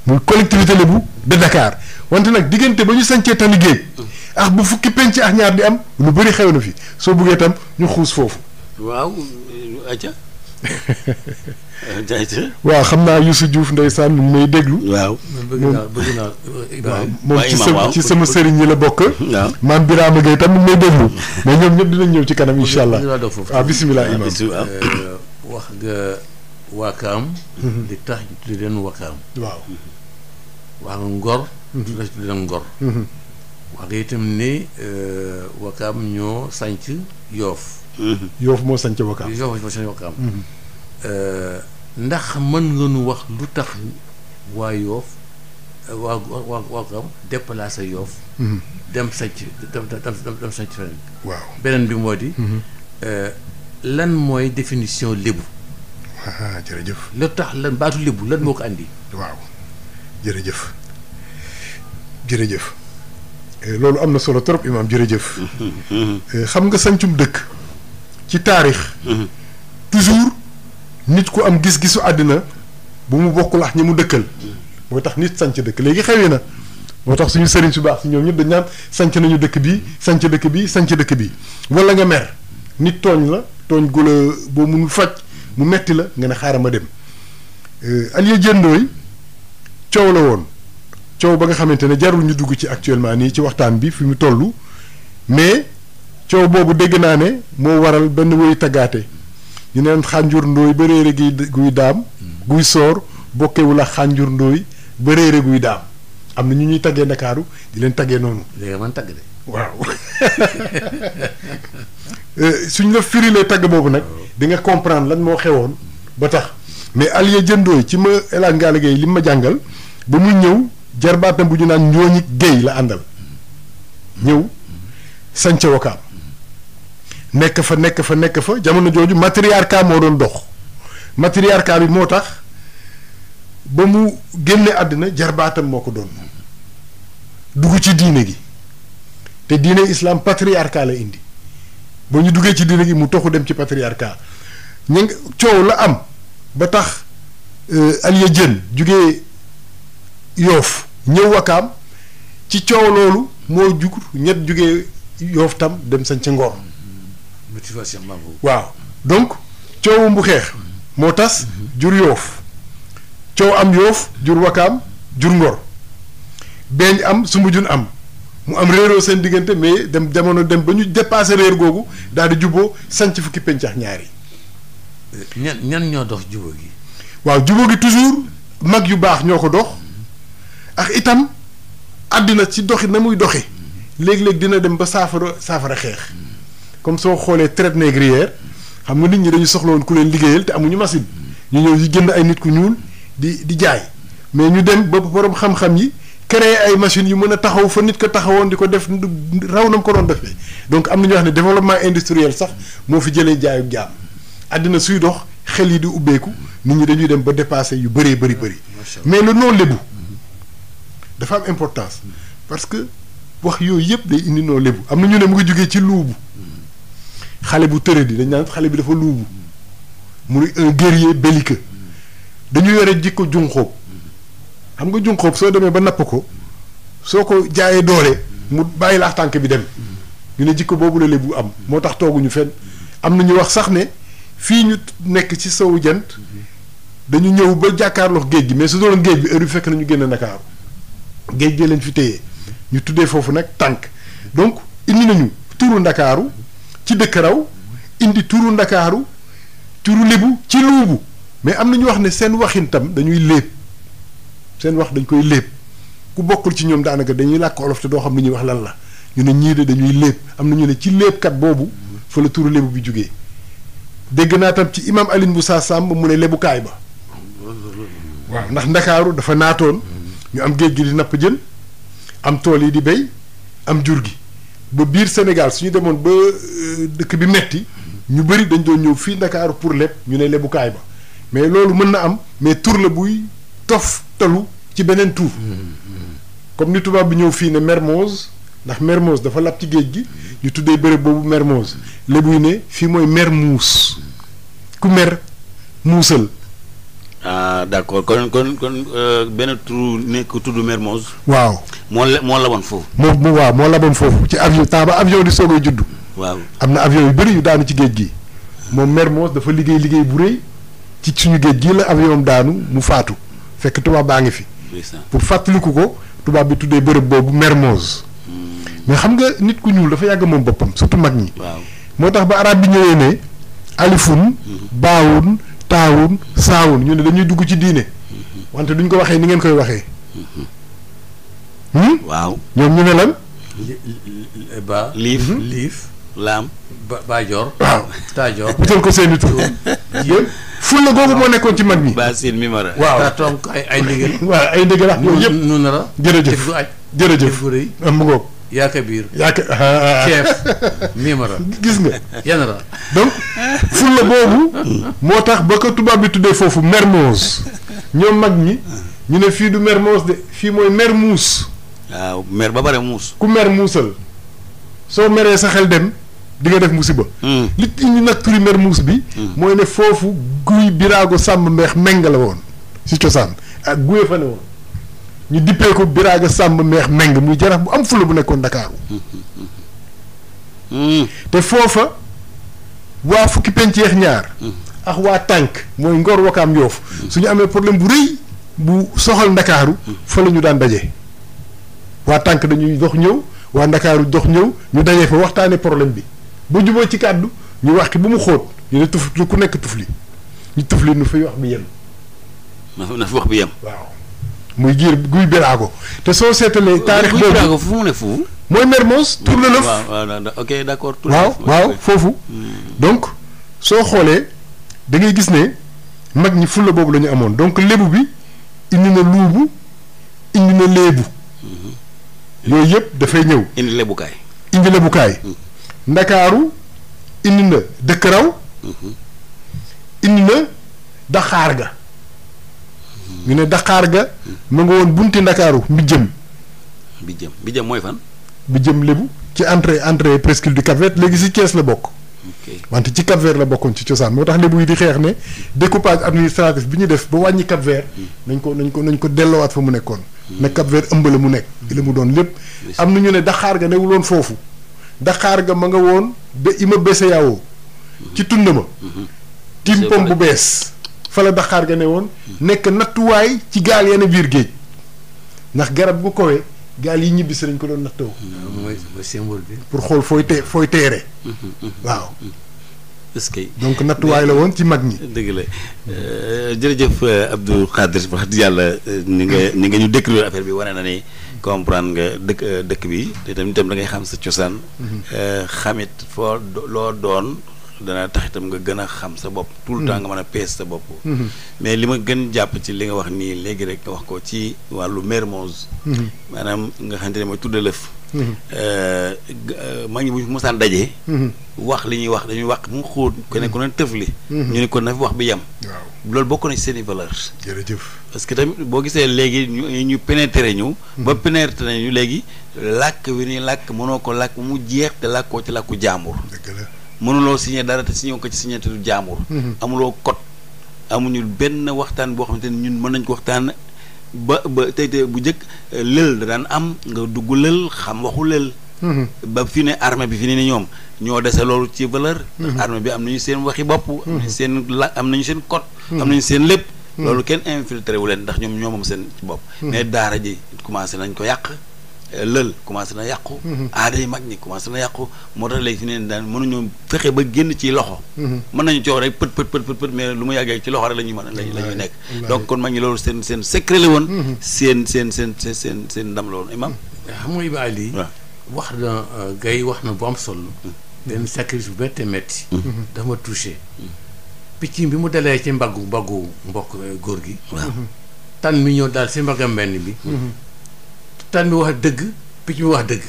muy collectivité Lébu de Dakar wante nag diggante ba ñu sancee tali ax mm. ak bu fukki penc ak ñaar di am lu bëri xew na fi soo buggee tam ñu xuus foofu. waaw aca waaw xam naa Youssou Diouf ndeysaan mu may déglu. waaw mm. euh, moom ci sama ci sëriñ yi la bokk. waaw maam Birame tam mu may déglu mais ñoom ñëpp dinañ ñëw ci kanam incha allah. waaw ah, bisimilah ah, imam euh, wax nga waakaam. Mm-hmm. li tax ñu leen waakaam. waaw. wax nga ngor. Mm-hmm. li tax ñu tuddee ngor. Mm-hmm. wax nga itam ne euh, waakaam ñoo sànc yoof. Mm-hmm. yoofu moo sañ ca wakkaam yoofu moo mm-hmm. euh, ndax mën nga nu wax lu tax waa yoof waa waa wakkaam déplacé yoof mm-hmm. dem sañ dem dem sañ feneen beneen bi moo di euh, lan mooy définition lébu waaw ah, jërëjëf lu tax lan baatu lébu lan moo ko andi waaw jërëjëf jërëjëf euh, loolu am na solo trop imaam jërëjëf xam nga sancum dëkk ci taarix. Mhm. toujours nit ku am gis-gisu àddina bu mu bokkul ak ñi mu dëkkal. Mhm. moo tax nit sanc dëkk léegi xewee na. moo tax suñu sëriñ su baax si ñoom ñëpp dañ naan sanc nañu dëkk bi sanc dëkk bi sanc dëkk bi wala nga mer nit tooñ la tooñ gula boo mënul faj mu metti la nga ne xaaral ma dem euh, Aliou Diendooy coow la woon coow ba nga xamante ne jarul ñu dugg ci actuellement nii ci waxtaan bi fi mu toll mais. coow boobu dégg naa ne moo waral benn woyu taggaate ñu neen xànjur ndóoy ba réere gi guy soor bokkewu la xànjur ndóoy ba réere guy daam am na ñu ñuy taggee ndakaaru di leen taggee noonu man tagg de euh, suñ la firilee tagg boobu nag di nga comprendre lan moo xewoon ba tax mais Aliou jëndooy ci ma Elhadj Ngalla Gueye li ma jàngal ba mu ñëw jarbaatam bu ñu naan njooñi géey la àndal ñëw sanca wakaam nekk fa nekk fa nekk fa jamono jooju matriarcat moo doon dox matriarcat bi moo tax ba mu génne àddina jarbaatam moo ko doon dugg ci diine gi te diine islam patriarcat la indi ba ñu duggee ci diine gi mu toxu dem ci patriarcat ñu coow la am ba tax euh, Aliya Jën jugee yoof ñëw wakaam ci coow loolu moo jug ñett jugee yoof tam dem sañ ci ngor waaw donc coowum bu xeex moo tas jur yoof coow am yoof jur wakaam jur ngor beeñ am sumbujun am mu am réeroo seen diggante mais dem jamono dem ba ñu dépassé réer googu daal di juboo sanc fukki pencax ñaari ñan ñoo dox jubóo gi waaw jubóo gi toujours mag yu baax ñoo ko dox ak itam àddina ci doxi na muy doxi léegi léeg dina dem ba saafara saafara xeex comme soo xoolee traite négrière xam nga nit ñi dañu soxla ku leen liggéeyal te amuñu machine ñu ñëw yi jënd ay nit ku ñuul di di jaay mais ñu dem ba borom xam-xam yi créer ay machines yu mën a taxaw fa nit ko taxawoon di ko def raw nam ko doon defee donc am na ñoo ne développement industriel sax moo fi jëlee jaayu jaam àddina suy dox xel yi di ubbeeku nit dañuy dem ba dépassé yu bëree bëri bëri mais le non lébu mm-hmm. dafa am importance mm-hmm. parce que wax yooyu yëpp indi non lébu am na ñu ne mu ko jógee ci luubu xale bu tëradi dañ naan xale bi dafa luubu muy un guerrier belliqueux dañu yore jikko junxóob xam nga junxóob soo demee ba napp ko soo ko jaayee doole mu bàyyi laax tànk bi dem ñu ne jikko boobu la lébu am moo tax tooguñu fenn am na ñu wax sax ne fii ñu nekk ci sowu jant dañu ñëw ba jàkkaar jàkkaarloo géej gi mais su doon géej bi heure bi fekk nañu génn Ndakaaru géej gee leen fi téye ñu tuddee foofu nag tànk donc indi nañu turu Ndakaaru ci dëkk raw indi turu ndakaaru turu lebu ci luubu mais am na ñu wax ne seen waxin tam dañuy léeb seen wax dañ koy léeb ku bokkul ci ñoom daanaka dañuy làkk olof te doo xam lu ñuy wax lan la ñu ne ñii de dañuy léeb am na ñu ne ci léebkat boobu fa turu lebu bi jugee dégg naa tam ci imam bu Moussa Samb mu ne lebukaay ba waaw ndax ndakaaru dafa naatoon ñu am géej gi di napp jën am tool yi di béy am jur gi ba biir Sénégal su ñu demoon ba euh, dëkk bi metti ñu bëri dañ doon ñëw fii Ndakaaru pour leb ñu ne lebukaay ba mais loolu mën na am mais tur la buy tof talu ci beneen tur mm-hmm. comme ni tubaab bi ñëw fii ne Mermoz ndax Mermoz dafa lab ci géej gi ñu tuddee bërëb boobu Mermoz lebuy ne fii mooy Mermoz ku mer muusal ah d' accord kon kon kon euh, benn tur nekk tudd Mermoz. waaw moo la moo laboon foofu. moo mu waaw moo laboon foofu ci avion temps ba avion di soog a judd. waaw am na avion yu bëri yu daanu ci géej gi. moom Mermoz dafa liggéey liggéey bu rëy ci suñu géej gii la avion daanu mu faatu fekk tubaab baa ngi fi. pour fàttaliku ko tubaab bi tuddee bërëb boobu Mermoz. Hmm. mais xam nga nit ku ñuul dafa yàgg moom boppam surtout mag ñi. waaw moo tax ba arab bi ñëwee ne. alifun hmm. baawun. taawun saawun ñu ne dañuy dugg ci diine wante duñ ko waxee ni ngeen koy waxee. waaw ñoom ñu ne lan. ba ba baajoor waaw taajoor ko seeni tur yëpp ful googu moo nekkoon ci mag mi ba sin mi waaw daa ay ay ndigal ay ndigal ak yooyu yëpp nu a jërëjëf jërëjëf am mu yaa biir yaa ka ceef gis nga yan ra donc fulla boobu moo tax ba ko tubaab bi tuddee foofu Mermoz ñoom mag ñi ñu ne fii du Mermoz de fii mooy mer muus waaw mer ba bare muus ku mer muusal soo meree sa xel dem di nga def musiba hmm. li turi mer muus bi hmm. mooy ne foofu guy biraago sàmm mbeex méng la woon si cosaan ak ah, guye fa ne woon ñu dippee ko Biraga Samb meex meng muy jaraaf bu am fula bu nekkoon Dakar. Hmm. te foofa waa fukki penceex ñaar. ax waa tànk mooy ngor wakaam yoof su ñu amee problème bu rëy bu soxal ndakaaru fa la ñu daan daje. waa tànk dañuy dox ñëw waa ndakaaru dox ñëw ñu daje fa waxtaanee problème bi bu juboo ci kàddu ñu wax ki bu mu xóot ñu ne tuf ku nekk tufli ñu tufli nu fay wax bi yem. na fi wax bi yem waaw. muy giir guy biraago te soo seetalee. taarix boobu guy biraago fu mu ne foofu. mooy Mermoz Tour de l'Oeuf waaw waaw foofu. Hmm. donc soo xoolee da ngay gis ne mag ñi fulla boobu la amoon donc lébu bi indi na luubu indi na léebu. Hmm. yooyu yëpp dafay ñëw. indi lebukaay. indi hmm. ndakaaru indi na dëkk raw. indi na daxaar ga. ñu ne Dakar ga mu nga woon bunti Ndakaaru mbi jëm bi jëm bi jëm mooy fan bi jëm lébu ci entrée entrée presqu'île du cap léegi si Thiès la bokk wante ci Cap-Vert la bokkoon ci cosaan moo tax lébu yi di xeex ne découpage administratif bi ñu def ba wàññi Cap-Vert hmm. nañ ko nañ ko nañ ko delloowaat fa mu nekkoon ne cap ëmb la mu nekk hmm. la mu doon lépp am na ñu ne daxaar ga loon foofu daxaar ga ma nga woon ba ima bese yaawoo ci tund ma hmm. timpom bu bees fala la daqaar ga ne woon nekk nattuwaay ci gaal yenn biir géej ndax garab gu kowee gaal yi ñibbi si nañ ko doon nattoo symbole bi pour xool fooy te fooy teere waaw est donc nattuwaay la woon ci mag ñi dëgg la euh, jërëjëf euh, Abdou Khadre wax yàlla euh, ni nga ni nga ñu décrire affaire bi wane na ni comprendre nga dëkk dëkk bi te tamit da ngay xam sa cosaan mhm. xamit foo loo doon dana tax itam nga gën a xam sa bopp. tout le temps nga mën a pees sa bopp. Mm-hmm. mais li ma gën jàpp ci li nga wax nii léegi rek nga wax ko ci wàllu Mermoz. Mm-hmm. maanaam nga xamante ne mooy tudde lëf. Mm-hmm. Euh, maa ngi bu mosaan wax li ñuy wax dañuy wax mu xóot ku ko ku ne tëf li ñu ne kon na fi wax bi yam waaw loolu bokk na ci seen i valeur. parce que tamit boo gisee léegi ñu ñu pénétrer ñu. ba pénétrer ñu léegi làkk wi ni làkk mënoo ko làkk mu jeex te làkkoo ci làkku jaambur. mënuloo signé dara te signé ko ci signature jaamur. Mhm. amuloo code amuñu benn waxtaan boo xamante ni ñun mën nañ ko waxtaan ba ba tey bu njëkk euh, lël da daan am nga dugg lël xam waxu lël. Mhm. ba fi ne armée bi fi ne ni ñoom ñoo dese loolu ci valeur. Mhm. armée bi am nañu seen waxi bopp. am nañu seen la am nañu seen code. am nañu seen lépp. loolu kenn infiltré wu leen ndax ñoom ñoo moom seen bopp. mais daara ji commencé nañ ko yàq. lël commencé na yàqu. Mm-hmm. aada yi mag ñi commencé na yàqu moo tax léegi si neen daan mënuñoo fexe ba génn ci loxo. Mm-hmm. mën nañu coow rek pët pët pët pët mais lu mu yàggee ci loxo rek la ñuy mën la ñuy nekk. donc kon mag ñi loolu seen seen secret la woon. Mm-hmm. seen seen seen seen seen ndam la woon imam. wax na euh, gay wax na bu am solo. benn sacrifice bu métti métti. dama touché. picc bi mu dalee ci mbaggu mbaggu mbokk euh, góor gi. waaw tan mi ñëw daal si mbaggam benn bi. tan mi wax dëgg picc mi wax dëgg.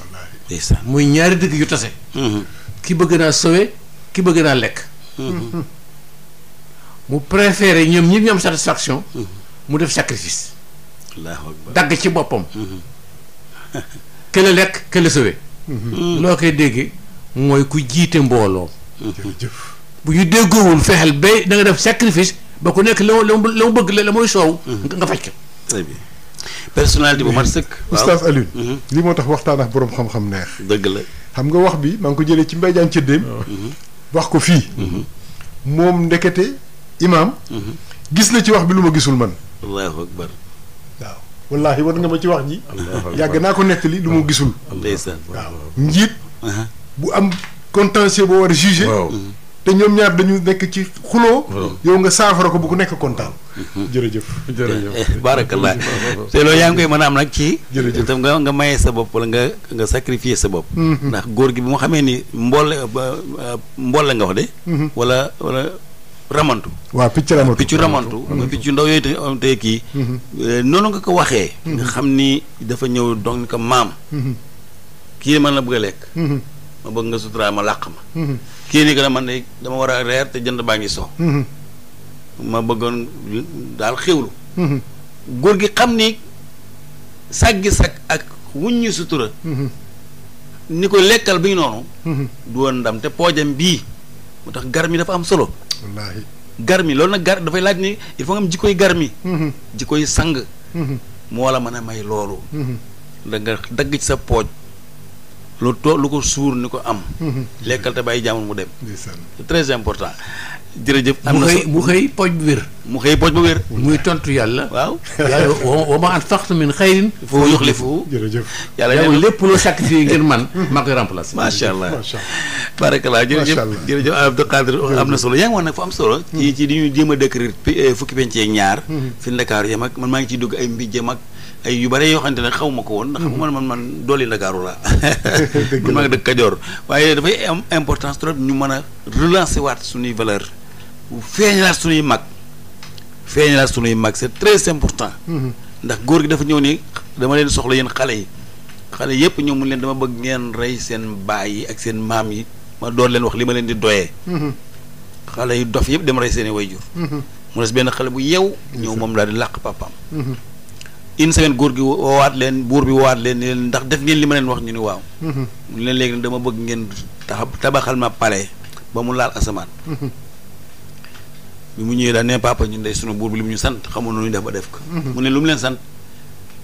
wallaahi muy ñaari dëgg yu tase. Mm-hmm. ki bëgg naa sowe ki bëgg naa lekk. Mm-hmm. mu préféré ñoom ñëpp ñu am mm-hmm. mu def sacrifice. dagg ci boppam. kële lekk kële sowe. loo koy déggee mooy ku jiite mbooloo. bu ñu déggoowul fexeel bay da def sacrifice ba ku nekk la la mu bëgg la muy soow. nga faj ko. personnalité bu mat sëkk. oustaz Alioune. Mhm. li moo tax waxtaan ak borom xam-xam neex. dëgg la xam nga wax bi maa ko jëlee ci mbay jaan cëddeem. Mhm. wax ko fii. Mhm. moom ndekete imaam. gis na ci wax bi lu ma gisul man. allahu akbar. waaw wallaahi war nga ma ci wax ji. yàgg naa ko nekk nettali lu ma gisul. waaw njiit. bu am contentieux boo war a jugé. te ñoom ñaar dañu nekk ci xuloo yow nga saafara ko bu ko nekk kontaan. Mhm. jërëjëf jërëjëf. Eh, barakallah yaa ngi koy mën a am nag ci. jërëjëf tam nga nga maye sa bopp wala nga nga sacrifier sa bopp. Mhm. ndax góor gi bi mu xamee ni mboole mboole nga wax de. Mhm. wala wala. ramantu waaw picc ramantu picc ramantu nga picc ndaw yooyu te kii eh, noonu nga ko waxee nga xam ni dafa ñëw donc ko maam kii man na bugg a lekk ma bëgg nga suturaa ma làq ma kii ni que man de dama war a reer te jënd baa ngi so mm-hmm. ma bëggoon daal xewlu mm-hmm. góor gi xam ni sàggi sag ak wuññi sutura mm-hmm. ni ko lekkal bi ñu noonu du woon ndam te poojam bii mu tax gar mi dafa am solo wallaahi gar loolu nag gar dafay laaj ni il faut nga am jikkoy gar mi jikkoy sang moo la mën a may loolu da dagg ci sa pooj lu too lu ko suur ni ko am. Mhm. lekkal te bàyyi jaamul mu dem. c'est très important. jërëjëf am na mu xëy pooj bu wér. mu xëy pooj bu wér. muy tontu yàlla. waaw yàlla wa ma anfaqtum min xayrin. fa yuxlifuhu jërëjëf. yàlla yow lépp loo sacrifié ngir man. maa koy remplacé. macha allah macha allah. barakallah jërëjëf jërëjëf Abdou Khadre am na solo yaa ngi wax nag fu am solo. Mhm. ci ci di ñu jéem a euh, fukki penc ñaar. Mhm. fi Ndakaaru yem man maa ngi ciy dugg ay mbijjam ak. ay yu bare yoo xamante xaw ma ko woon ndax man man man dooli Ndakaaru laa man ma ngi dëkk Kajoor waaye dafay am importance trop ñu mën a relancer waat suñuy valeur feeñalaat suñuy mag feeñalaat suñuy mag c'est très important mm-hmm. ndax góor gi dafa ñëw ni dama leen soxla yéen xale yi xale yépp ñoom mu leen dama bëgg ngeen rey seen baay yi ak seen maam yi ma dool leen wax li ma leen di doyee mm-hmm. xale yu dof yëpp dem rey seen i wayjur mm-hmm. mu des benn xale bu yew ñëw moom daal di làq papaam une semaine góor gi woowaat leen buur bi woowaat leen ni leen ndax def ngeen li ma leen wax ñu ni waaw. ñu mhm. leen léegi dama bëgg ngeen tabaxal ma palais ba mu laal asamaan. Mhm. bi mu ñëwee daal ne papa ñun day sunu buur li mu ñu sant xamoon nu ñu def ba def ko. Mhm. mu ne lu leen sant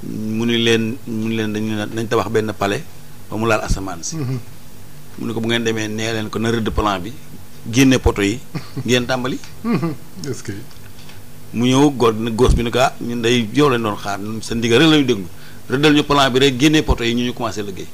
mu ni leen mu ni leen dañu nañ tabax benn palais ba mu laal asamaan si. mu ne ko bu ngeen demee nee leen ko na rëdd plan bi génne poto yi ngeen tàmbali. mu ñëw góor góos bi ne ko ah ñun yow lañ doon xaar sa ndigal rek la déglu rëddal ñu plan bi rek génnee poto yi ñu ñu commencé liggéey.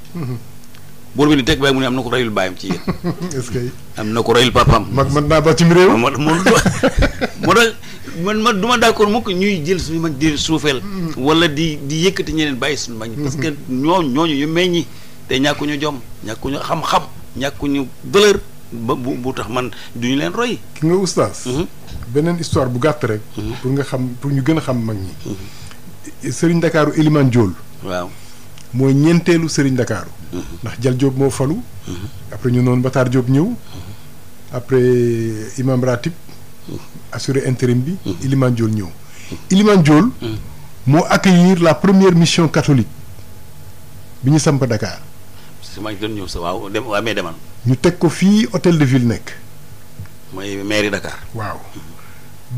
buur bi ni teg bàyyi mu ne am na ko rayul bàyyam ci yéen. est na ko rayul papam man man naa ba ci réew. moo tax ma man du ma d'accord mukk ñuy jël suñu mag di suufeel. Mm-hmm. wala di di yëkkati ñeneen bàyyi suñu mag ñi. parce que mm-hmm. ñooñu ñooñu yu meññi te ñàkkuñu jom ñàkkuñu xam-xam ñàkkuñu valeur. ba bu bu tax man du ñu leen roy. ki nga oustaz. Mhm. beneen histoire bu gàtt rek. Mhm. pour nga xam pour ñu gën a xam mag ñi. Mhm. Serigne Ndakaaru Elimane Diol. waaw mooy ñeenteelu Serigne Ndakaaru. ndax Jal Diop moo falu. après ñu noonu Bataar Diop ñëw. après Imam Ratib. assuré intérim bi. Elimane Diol ñëw. Elimane Diol. moo accueillir la première mission katolik bi ñu samp Dakar. si maa ngi doon ñëw sa waaw dem waa mais demal. ñu teg ko fii hôtel de ville nekk. mooy mairie Dakar. waaw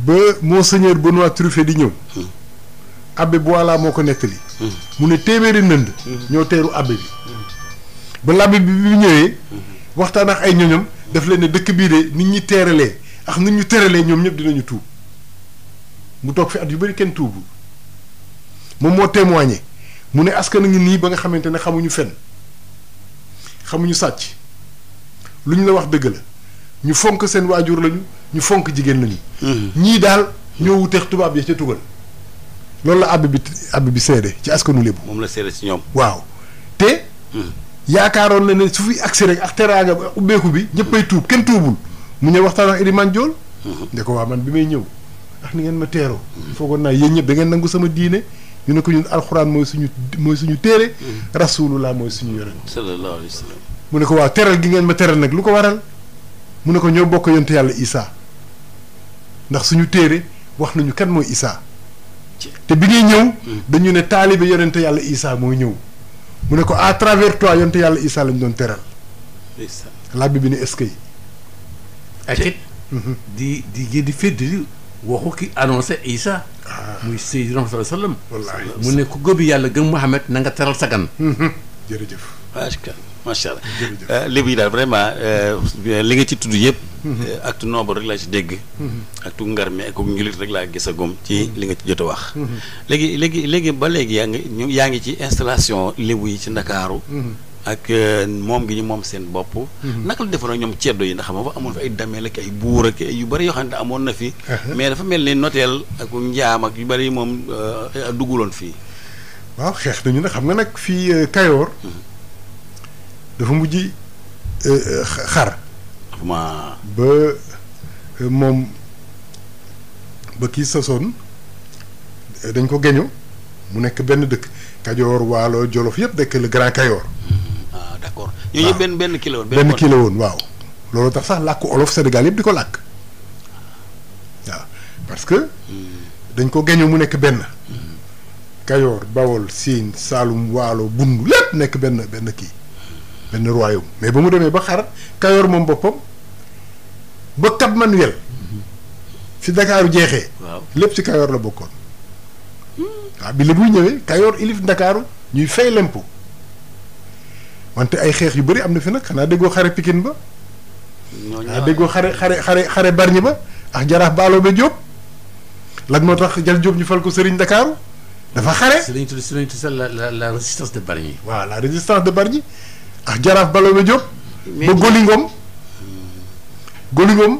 ba monseigneur Benoît Truffet di ñëw. Hmm. abbé Boilat moo ko nettali. Hmm. mu ne téeméeri nënd. Hmm. ñoo teeru abbé bi. ba l'abbé bi bi ñëwee. waxtaan ak ay ñoñom daf leen ne dëkk bii de nit ñi teeralee ax nit ñu teeralee ñoom ñëpp dinañu tuub mu toog fi at yu bëri kenn tuubul moom moo témoigné mu ne askan a ngi nii ba nga xamante ne xamuñu fenn. xamuñu sàcc lu ñu la wax dëgg la ñu fonk seen waajur lañu ñu fonk jigéen lañu. Mm-hmm. ñii daal ñoo wuteex tubaab ya ca tugal. loolu la àbb bi àbb bi seede ci askanu lébu. moom la seede ci ñoom. waaw te. Mm-hmm. yaakaaroon na ne su fi agsi rek ak teraanga ba ubbeeku bi. ñëppay tuub kenn tuubul mu ñëw waxtaan wax Ilimane Diol. Mm-hmm. ne ko waa man bi may ñëw. ak ni ngeen ma teeroo. foogoon naa yéen ñëpp da ngeen nangu sama diine. ñu ne ko ñun alxuraan mooy suñu mooy suñu téere mm. rasulullah mooy suñu yonent sallallahu alayhi mu ne ko waaw teral gi ngeen ma teral nag lu ko waral mu ne ko ñoo bokk yonent yàlla isaa ndax suñu téere wax nañu kan mooy isaa te bi ngay ñëw mm. dañu ne taalibe yonent yàlla isaa mooy ñëw mu ne ko à travers toi yàlla isaa lañ doon teral labbi bi ne est yi di di waxu ki annoncé Isa. Ah. muy si Muhammad sallam. wallaahi mu ne ku gëbi yàlla gëm Mouhamed na nga teral sagan gan. Mhm. jërëjëf. macha allah jërëjëf euh, léegi daal vraiment euh, li nga ci tudd yëpp. Mhm. Euh, ak tu nombre rek laa ci dégg. Mhm. ak tu ngarme ak njulit rek laa gisagum ci li nga ci jot a wax. léegi léegi léegi ba léegi yaa ngi ñu yaa ngi ci installation lébu yi ci ndakaaru ak euh, moom gi ñu moom seen bopp. Mhm. naka la defoon ak ñoom ceddo yi ndax xam nga amoon fa ay dameel ak ay buur ak yu bëri yoo xam ne amoon na fi. mais dafa mel ni noteel ak njaam ak yu bari moom euh, dugguloon fii. waaw xeex nañu xam nga nag fii euh, Kayoor. Mhm. mujj xar. ba moom ba kii dañ ko geñu mu nekk benn dëkk Kajoor Waalo Jolof yëpp dekk le Grand Kayoor. yooyu benn benn kii la woon. waaw. loolu tax sax làkku olof Sénégal yëpp di ko làkk waaw parce que. dañ ko gañoo mu nekk benn. Kayoor Bawol Siin Saalum Waalo Bundu lépp nekk benn benn kii benn royaume mais ba mu demee ba xar Kayoor moom boppam ba Cap Manuel si Dakaaru jeexee. lépp si Kayoor la bokkoon. waaw bi li muy ñëwee Kayoor ilif ndakaaru ñuy fay lemp wante ay xeex yu bari am na fi nag xanaa déggoo xare Pikine ba. ñooñu déggoo xare xare xare xare Bargny ba ak jaraaf Baalo ba Diop. lan moo tax Jal Diop ñu fal ko Serigne Dakar dafa xare. si lañ tudd si lañ tudd la la la de Bargny. waaw la résistance de Bargny ak jaraaf Baalo ba Diop. ba Golingom. Hmm.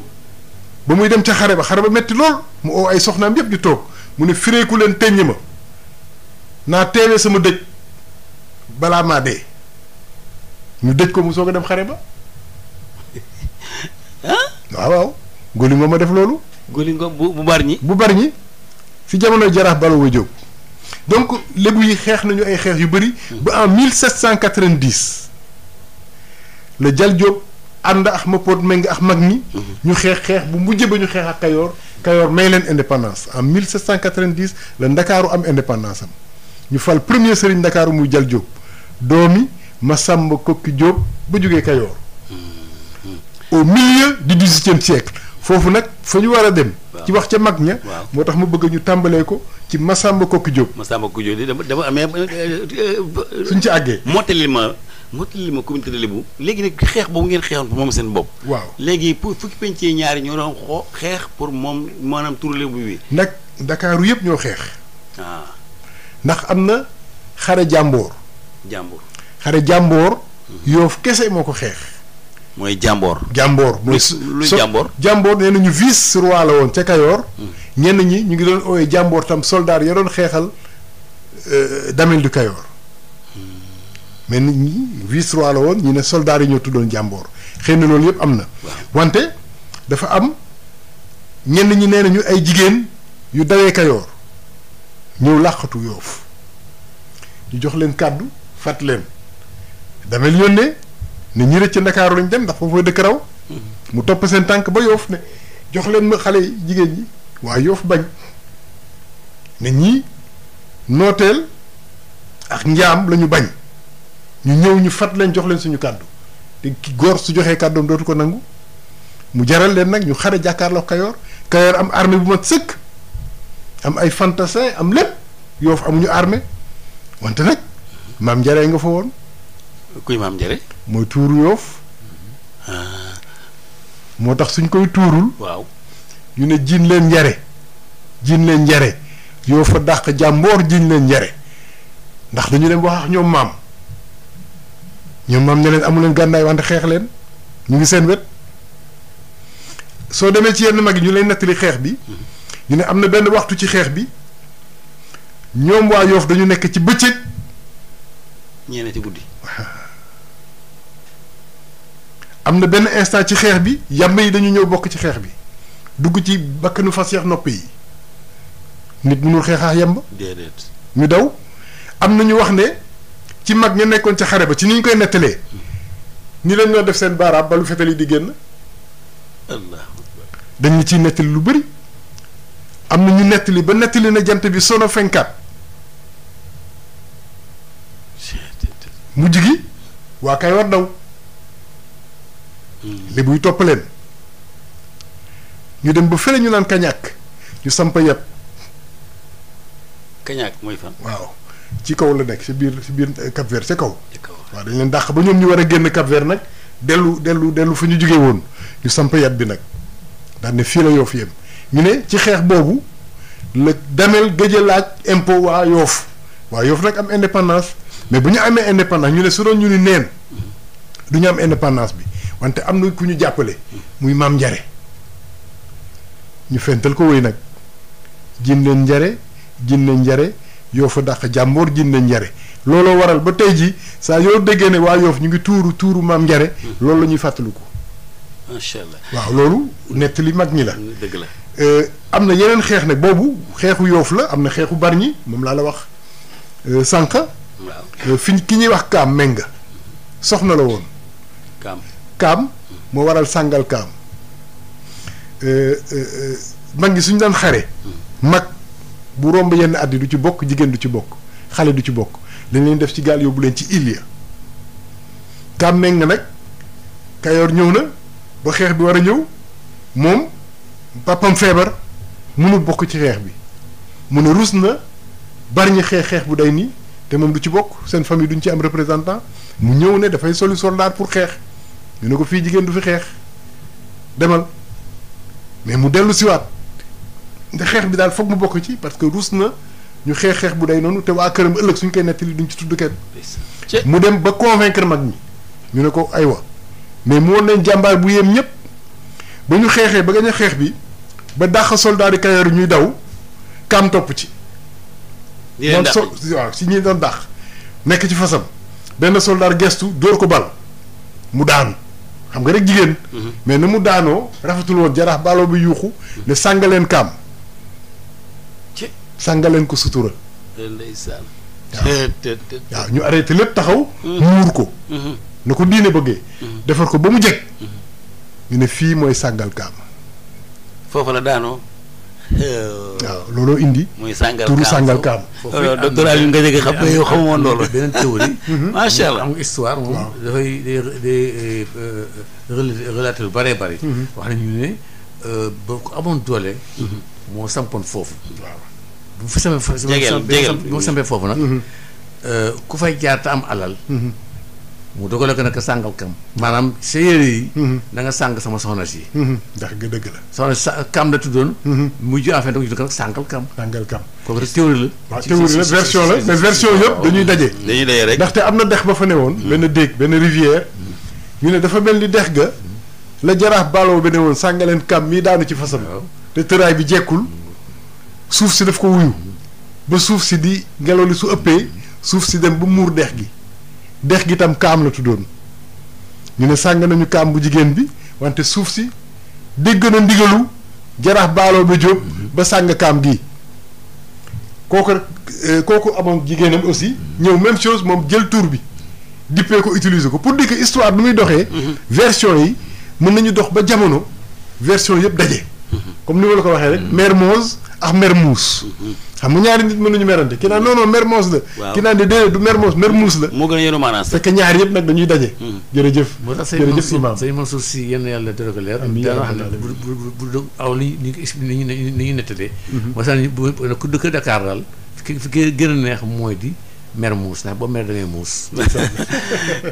ba muy dem ca xare ba xare ba metti lool mu ay soxnaam yëpp di toog mu ne fireeku leen teññ ma naa teewee sama dëj balaa maa dee. ñu dëj ko mu soog a dem xare ba. ah. waaw waaw Golingo ma def loolu. Golingo bu bu bari ñi. bu bari ñi si jamono jaraaf Balowa jóg donc lébu yi xeex nañu ay xeex yu bëri. Hmm. ba en 1790 la Jal Diop ànd ak ma Pod Meng ak mag ñi. Hmm. ñu xeex xeex bu mujj ba ñu xeex ak Kayoor. Kayoor may leen indépendance en 1790 la Ndakaaru am indépendance am ñu fal premier sëriñ Ndakaaru muy Jal jóg doomi Massamba Kokki jóob ba jógee Kayoor au milieu di dix-huitième siècle foofu nag fa ñu war a dem. ci wax ca mag ña. moo tax ma bëgg ñu tàmbalee ko ci Massamba Kokki jóob masamba Kokki Diop dama dama amee. Euh, euh, suñ ci àggee. mottali ma mottali ma communauté de Lébu léegi nag xeex boobu ngeen xeexoon pour moom seen bopp. waaw léegi pour fukki pencee ñaari ñoo doon xoo xeex pour moom maanaam turu Lébu bi. nag Dakar yëpp ñoo xeex. waaw ah. ndax am na xare jàmboor. jàmboor. xare jàmboor yoof kese moo ko xeex mooy jàmboor jàmboor mooy luy jàmboor jàmboor nee nañu vice roi la woon ca Kayoor hmm. ñenn ñi ñu ngi doon ooyee jàmboor tam soldaar ya doon xeexal euh, damel du Kayoor hmm. mais nit ñi vice roi la woon ñu ne soldaar yi ñoo tuddoon jàmboor xëy na loolu yëpp am na wante dafa am ñenn ñi nee nañu ay jigéen yu dawee Kayoor ñëw làqatu yoof ñu jox leen kàddu fàtt leen damel yónnee ne ñi rëcc ndakaaru lañ dem ndax foofu la dëkk raw mu topp seen tànk ba yoof ne jox leen ma xale jigéen ñi waaye yoof bañ ne ñi nooteel ak njaam la ñu bañ ñu ñëw ñu fat leen jox leen suñu kàddu te ki góor su joxee kàddu dootu ko nangu mu jaral leen nag ñu xare jàkkaarloo kayoor kayoor am armée bu mat sëkk am ay fantasin am lépp yoof amuñu armée wante nag maam njaree nga fa woon kuy maam Njare mooy tuuru yoof ah. moo tax suñ koy tuurul. waaw ñu ne jiin leen njare jiin leen njare yoo fa dàq jàmboor jiin leen njare ndax dañu leen wax ñoom maam ñoom maam ne leen amu leen gànnaay wante xeex leen ñu ngi seen wet soo demee ci yenn mag yi ñu lay nettali xeex bi mm-hmm. ñu ne am na benn waxtu ci xeex bi ñoom waa yoof dañu nekk ci bëccëg ñeene ci guddi am na benn instant ci xeex bi yàmb yi dañu ñëw bokk ci xeex bi dugg ci bakkanu fas yeex nopp yi nit mënul xeexaax yàmb ñu daw am na ñu wax ne ci mag ña nekkoon ca xare ba ci ni ñu koy nettalee ni lañ doon def seen baaraam ba lu fetal yi di génn dañ ciy nettali lu bari am na ñu nettali ba nettali na jant bi sono fenkaat mujj gi waa kay war daw lébu yi topp ñu dem ba fële ñu naan kañaak ñu samp yàpp. kañaak mooy fan. waaw ci kaw la nekk ci biir ci biir euh, Cap Vert kaw. waaw dañ leen dàq ba ñoom ñu war a génn Cap nag dellu dellu dellu fu ñu jóge woon ñu samp yàpp bi nag daan ne fii la yoof fi yem ñu ne ci xeex boobu la damel gëj a laaj impôt waa yoof waa yoof nag am indépendance mais bu ñu amee indépendance ñu ne su doon ñu ni neen du ñu am indépendance bi. wante am na ku ñu jàppale muy maam njare ñu fental ko wéy nag jin leen njare jin leen njare yoofa dàq jàmboor jin leen njare looloo waral ba tey jii saa yoo déggee ne waa yoof ñu ngi tuuru tuuru maam njare loolu lañuy ñuy fàttaliku macha allah waaw loolu nett li mag ñi la dëgg la euh, am na yeneen xeex nag boobu xeexu yoof la am na xeexu ñi moom laa la wax euh, sànq euh, fi ki ñuy wax kaam ménga soxna la woon kaam moo waral sàngal kaam euh, euh, euh, mag ñi suñ daan xare mag bu romb yenn at yi du ci bokk jigéen du ci bokk xale du ci bokk dañ leen def ci gaal yóbbu leen ci île ya kaam nekk na nag kayoor ñëw na ba xeex bi war a ñëw moom pàppam feebar mënul bokk ci xeex bi mu ne rus na bari ñi xeex xeex bu day nii te moom du ci bokk seen famille duñ ci am représentant mu ñëw ne dafay soli soldat pour xeex ñu ne ko fii jigéen du fi xeex demal mais mu dellu siwaat nga xeex bi daal foog mu bokk ci parce que ruus na ñu xeex xeex bu day noonu te waa këram ëllëg suñ koy nettali duñ ci tudd kenn. mu dem ba convaincre mag ñi ñu ne ko aywa mais mu woon leen jàmbaar bu yem ñëpp ba ñu xeexee ba gañ a xeex bi ba dàq soldat yi Kajoor ñuy daw kaam topp ci. moom so waaw si ñi doon dàq nekk ci fasam benn soldat gestu dóor ko bal mu daanu. xam nga rek jigéen. mais na mu daanoo rafetul woon jarax balo bi yuuxu. ne sàngaleen kaam. ci sàngaleen ko sutura. ndeysaan. waaw ñu arrêté lépp taxaw. Mm-hmm. muur ko. Mm-hmm. na ko diine bëggee. Mm-hmm. defar ko ba mu jekk. ñu ne fii mooy sàngal kaam. foofu la daanoo. waaw looloo indi. muy sàngal kaam turu sàngal kaam. Oh, docteur Aliou nga jege xam nga yow xamu woon loolu. beneen théorie. Mm-hmm. macha allah am histoire moom. dafay day de relater lu bëree bëri. Mm-hmm. wax nañu ne euh, ba ku amoon doole. Mm-hmm. moo sampoon foofu. waaw bu fi samee. foofu nag. Euh, ku fay jaar te am alal. mu dogale ko nag sàngal kam maanaam sa yi mhm. na nga sàng sama soxna si mhm. ndax nga dëgg la soxna si kam la tuddoon mhm. mu ju enfin da ko judd ko nag sàngal kam sàngal kam kooku la waaw version la mais version yëpp dañuy daje dañuy daje rek am na dex ba fa ne woon benn déeg benn rivière ñu ne dafa mel ni dex ga la jaraaf baaloo ba ne woon sàngaleen kam mii daanu ci fasam te tëraay bi jekkul suuf si daf ko wuyu ba suuf si di ngelaw li su ëppee suuf si dem ba muur dex gi dex gi tam kaam la tuddoon ñu ne sàng nañu kaam bu jigéen bi wante suuf si dégg na ndigalu jarax baaloo ba jóob ba sàng kaam gi kooku eh, kooku amoon jigéenam aussi ñëw même chose moom jël tour bi dippee ko utiliser ko pour dire que histoire nu muy doxee version yi mën nañu dox ba jamono version yëpp daje mm-hmm. comme ni ma la ko waxee rek mm-hmm. Mermoz ak Mermoz mm-hmm. xam nga ñaari nit mënuñu merante ki naan non non mermoos la ki naan de déedéet du mermoos mermuus la moo gën a yenu maanaam c'est ñaari yëpp nag dañuy daje hmm. jërëjëf jërëjëf imaam sëñ Mansour si yenn yàlla dara ko leer dana xam ne bu bu bu aw li ñu ko expliqué ni ñu nettalee hmm. ku dëkk Dakar ki fi gën a neex mooy di mer muus ndax boo mer da ngay muus.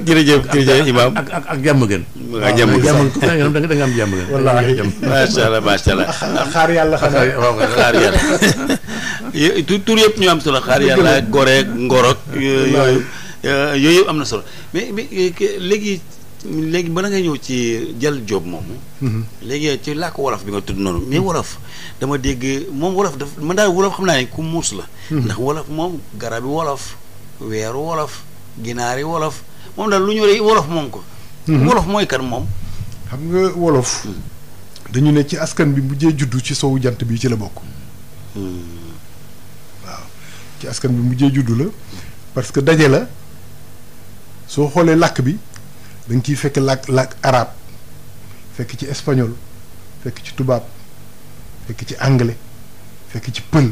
jërëjëf jërëjëf ak ak ak jàmm gën. ak jàmm da am jàmm gën. wallaahi macha allah macha allah. xaar yàlla xanaa xaar yëpp ñu am solo xaar yàlla goreeg ngorog. yooyu yooyu yëpp am na solo mais euh, léegi léegi bala nga ñëw ci jël job moom. Mm-hmm. léegi ci làkk wolof bi nga tudd noonu mais mm-hmm. wolof dama dégg moom wolof daf man daal wolof xam naa ne ku muus la. Mm-hmm. ndax wolof moom garabi wolof. weeru wolof ginaari wolof moom daal lu ñu rey wolof moom ko. Mhm. wolof mooy kan moom. xam nga wolof. Hmm. dañu ne ci askan bi mujjee juddu ci sowu jant bi ci la bokk. Hmm. waaw ci askan bi mujjee juddu la parce que daje la soo xoolee làkk bi da nga ciy fekk làkk làkk arabe fekk ci espagnol fekk ci tubaab fekk ci anglais fekk ci pël.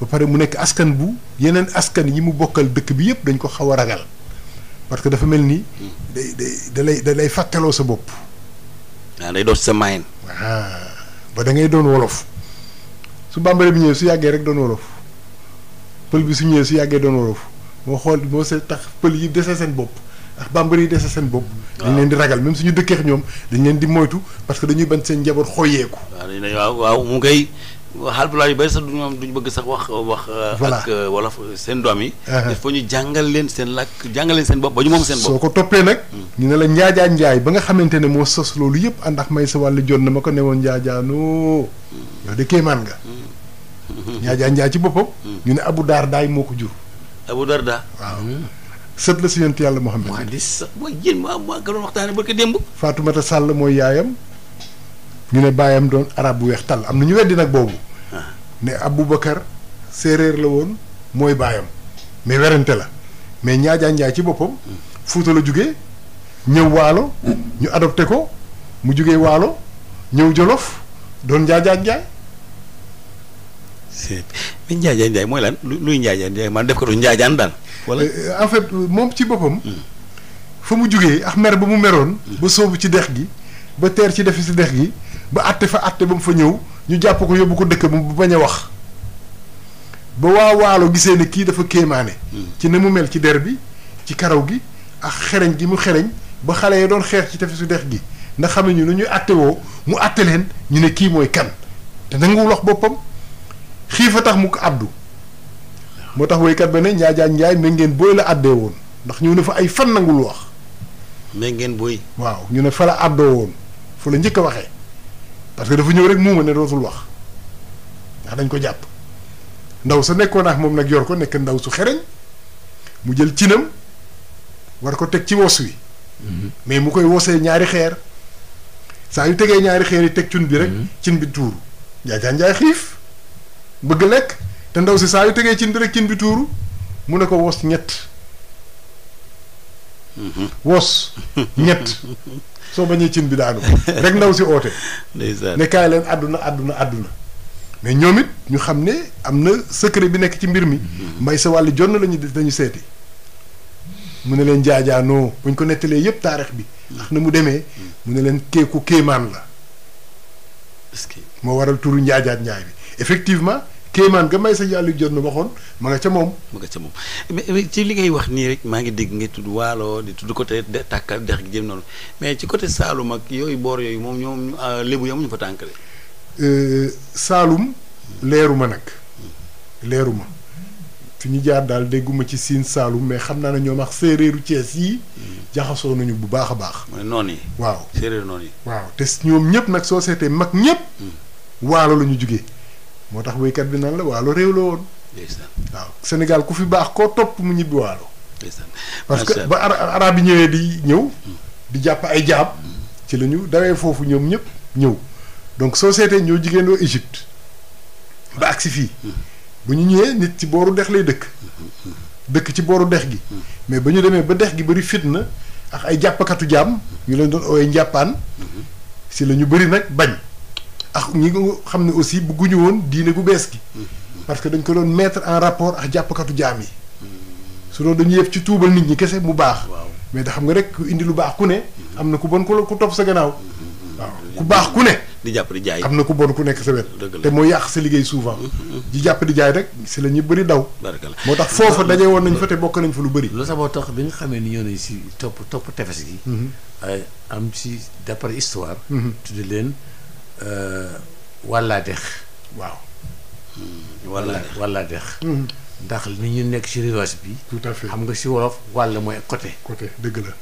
ba pare mu nekk askan bu yeneen askan yi mu bokkal dëkk bi yëpp dañ ko xaw a ragal parce que dafa mel nii day day da lay da lay fàttaloo sa bopp. waaw ah, day doon sa ah, ba da ngay doon wolof su bambara bi ñëwee su yàggee rek doon wolof pël bi su ñëwee su yàggee doon wolof moo xool moo see tax pël yi dese seen bopp ndax bambara yi dese seen bopp. Ah. dañ leen di ragal même suñu dëkkeex ñoom dañ leen di moytu parce que dañuy bañ seen njaboot xooyeeku. waaw mu ngay xalpulaar yu bëri sax du ñoom bëgg sax wax wax. Euh, ak euh, wolof euh, seen doom yi. Uh-huh. il ñu jàngal leen seen làkk jàngal seen bopp ba ñu moom seen bopp. soo ko toppee nag. Hmm. ñu ne la njaajaa njaay ba nga xamante ne moo sos loolu yëpp ànd may sa wàll jot na ma ko newoon njaajaanoo. Hmm. yow de kéemaan nga. Hmm. njaajaa njaay ci boppam. ñu ne Abu Dardaay moo ko jur. Abu Darda waaw. la si yonent yàlla Muhammad. waa di sax mooy yéen maa maa ko doon démb. Fatoumata Sall mooy yaayam. ñu ne baayam doon araab bu weex tàll am na ñu weddi nag boobu ne Aboubacar séeréer la woon mooy baayam mais werante la mais ñaajaa njaay ci boppam Fuuta la jugee ñëw waalo ñu adopté ko mu jugee waalo ñëw jolof doon njaajaa njaay mais njaajaa njaay mooy lan luy njaajaa njaay man def ko du njaajaan daal wala euh, en fait moom ci boppam fa mu jógee ax mer ba mu meroon ba soobu ci dex gi ba teer ci defi si dex gi ba àtte fa àtte ba mu fa ñëw ñu jàpp ko yóbbu ko dëkk bu mu bañ a wax ba waa waalo gisee ne kii dafa kéemaane. Hmm. ci ne mu mel ci der bi ci karaw gi ak xereñ gi mu xereñ ba xale ya doon xeex ci tefesu dex gi ndax xam ñu nu ñuy àtte woo mu àtte leen ñu ne kii mooy kan te nanguwul wax boppam xiifa tax mu ko abdu moo tax woykat ba ne njaajaan njaay na ngeen booy la àddee woon ndax ñëw na fa ay fan nangul wax. na ngeen booy. waaw ñu ne fa la àddoo la njëkk a waxee. parce que dafa ñëw rek muuma ne dootul wax ndax dañ ko jàpp ndaw sa nekkoon ak moom nag yor ko nekk ndaw su xereñ mu jël cinam war ko teg ci wos wi mm-hmm. mais mu koy wosee ñaari xeer saa yu tegee ñaari xeer yi teg cun bi rek mm-hmm. cin bi tuuru njaajaan njaay xiif bëgg lekk te ndaw si saa yu tegee cin bi rek cin bi tuuru mu ne ko wos ñett mm-hmm. wos ñett soo bañee cin bi daanu rek ndaw si oote. ne kaay leen àdduna àdduna àdduna. mais ñoom it ñu xam ne am na secret bi nekk ci mbir mi. Mhm. mbay sa wàllu jonn lañu dañu seeti. mu ne leen jaajaanoo buñ ko nettalee yëpp taarix bi. ndax na mu demee. Mhm. mu ne leen keeku kéemaan la. moo waral turu njaajaat njaay bi effectivement. kéemaan nga may sa yàlla jot na waxoon ma nga ca moom. ma nga ca moom mais ci li ngay wax nii rek maa ngi dégg nga tudd waalo di tudd côté tàkkal dex gi jëm noonu mais ci côté Saalum ak yooyu boor yooyu moom ñoom euh, lébu yamuñu fa tànkale. Euh, Saalum leeru ma nag leeru ma fi ñu jaar daal dégguma ci siin Saalum mais xam naa ne ñoom ak séeréeru Cees yi jaxasoo nañu bu baax a baax. mooy noon yi. waaw séeréer noonu yi. waaw te ñoom ñëpp nag soo seetee mag ñëpp hmm. waalo la jóge moo tax béykat bi nan la waalo réew la woon. waaw Sénégal ku fi baax koo topp mu ñibbi waalo. parce que ba arab yi ñëwee di ñëw. Hmm. di jàpp ay jaam. Hmm. ci la ñu dawee foofu ñoom ñëpp ñëw donc soo société ñoo jigéendoo Égypte ba agsi fii hmm. bu ñu ñëwee nit ci booru dex lay dëkk dëkk ci booru dex gi mais ba ñu demee ba dex gi bëri fitna ak ay jàppakatu jaam ñu leen doon ooyee njàppaan si la ñu bëri nag bañ ak ñi nga xam ne aussi bëgguñu woon diine gu bees gi. Mm-hmm. parce que dañ ko doon mettre en rapport ak jàppkatu jaam yi. Mm-hmm. su doon dañuy ci tuubal nit ñi kese mu baax. mais da xam nga rek indi lu baax ku ne. Mm-hmm. am na ku bon ku topp sa gannaaw. waaw ku baax ku ne. di jàpp di jaay am na ku bon ku nekk sa wet. te moo yàq sa liggéey souvent. di jàpp jaay rek si la ñu bëri daw. moo tax foofa daje woon nañ fa te bokk nañ fa lu bëri. loolu sax moo tax bi nga ni ñoo ne si topp topp tefes gi. am ci d'après histoire. tudde leen. Euh, walla dex waaw walla walla dex ndax ni ñu nekk ci rivage bi tout à fait xam nga si wolof wàll mooy côté coté dëgg la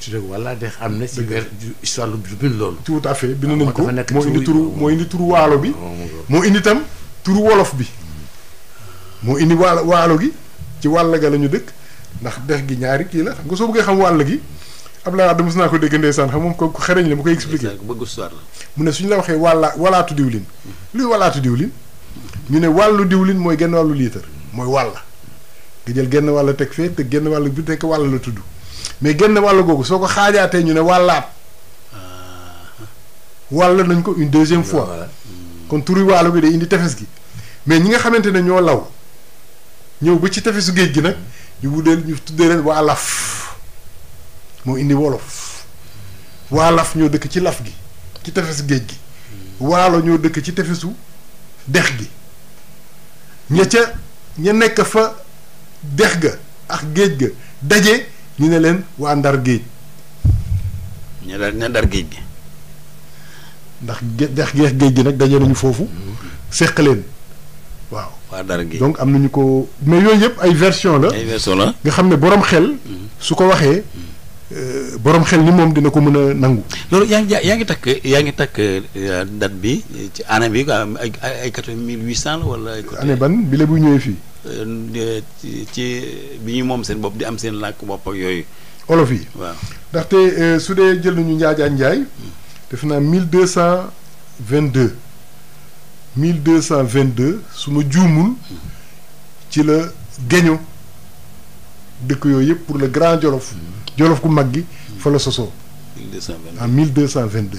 ci dëgg walla dex am na ci weer histoire lu bind loolu tout à fait bind nañ ko moo indi turu moo indi turu waalo bi oh moo indi tam turu wolof bi moo indi waalo waalo gi ci wàll ga la ñu dëkk ndax dex gi ñaari kii la xam nga soo bëggee xam wàll gi Abdoulaye Wade mos naa ko dégg ndeysaan xam moom ko ku xereñ la mu koy expliqué mu ne suñu la waxee wàllaa walaatu diwlin luy walaatu diwlin ñu ne wàllu diwlin mooy genn wàllu liitar mooy walla nga jël genn wàll teg fee te genn wàll bi nekk wàll la tudd mais genn wàll googu soo ko xaajaatee ñu ne wàllaat ah. wàll nañ ko une deuxième fois kon turi wàll bi day indi tefes gi mais ñi nga xamante ne ñoo law ñëw ba ci tefesu géej gi nag ñu wuddeel ñu tuddee moo indi wolof waa laf ñoo dëkk ci laf gi ci tefesu géej gi waalo ñoo dëkk ci tefesu dex gi ña ca ña nekk fa dex ga ak géej ga daje ñu ne leen waa ndar géej ñu ne leen ndar géej gi ndax dex geex géej gi nag daje nañu foofu mm-hmm. séq leen waaw waa ndar géej donc am nañu ko mais yooyu yëpp ay version la ay version la nga xam ne boroom xel mm-hmm. su ko waxee mm-hmm. Euh, borom xel ni moom dina ko mën a nangu. loolu yaa ngi yaa ngi takk yaa ngi takk euh, date bi ci année bi quoi ay ay quatre mille huit cent la wala. année ban bile bu ñëwee fii. Euh, ci bi ñu moom seen bopp di am seen làkk bopp ak yooyu. olof yi waaw. ndaxte su dee jël nañu njaajaan njaay. Hmm. def naa mille deux cent vingt deux mille deux cent vingt deux su ma juumul hmm. ci la geño dëkk yooyu yëpp pour le Grand Jolof. Hmm. jolof ku mag gi fa la sosoo. en 1222.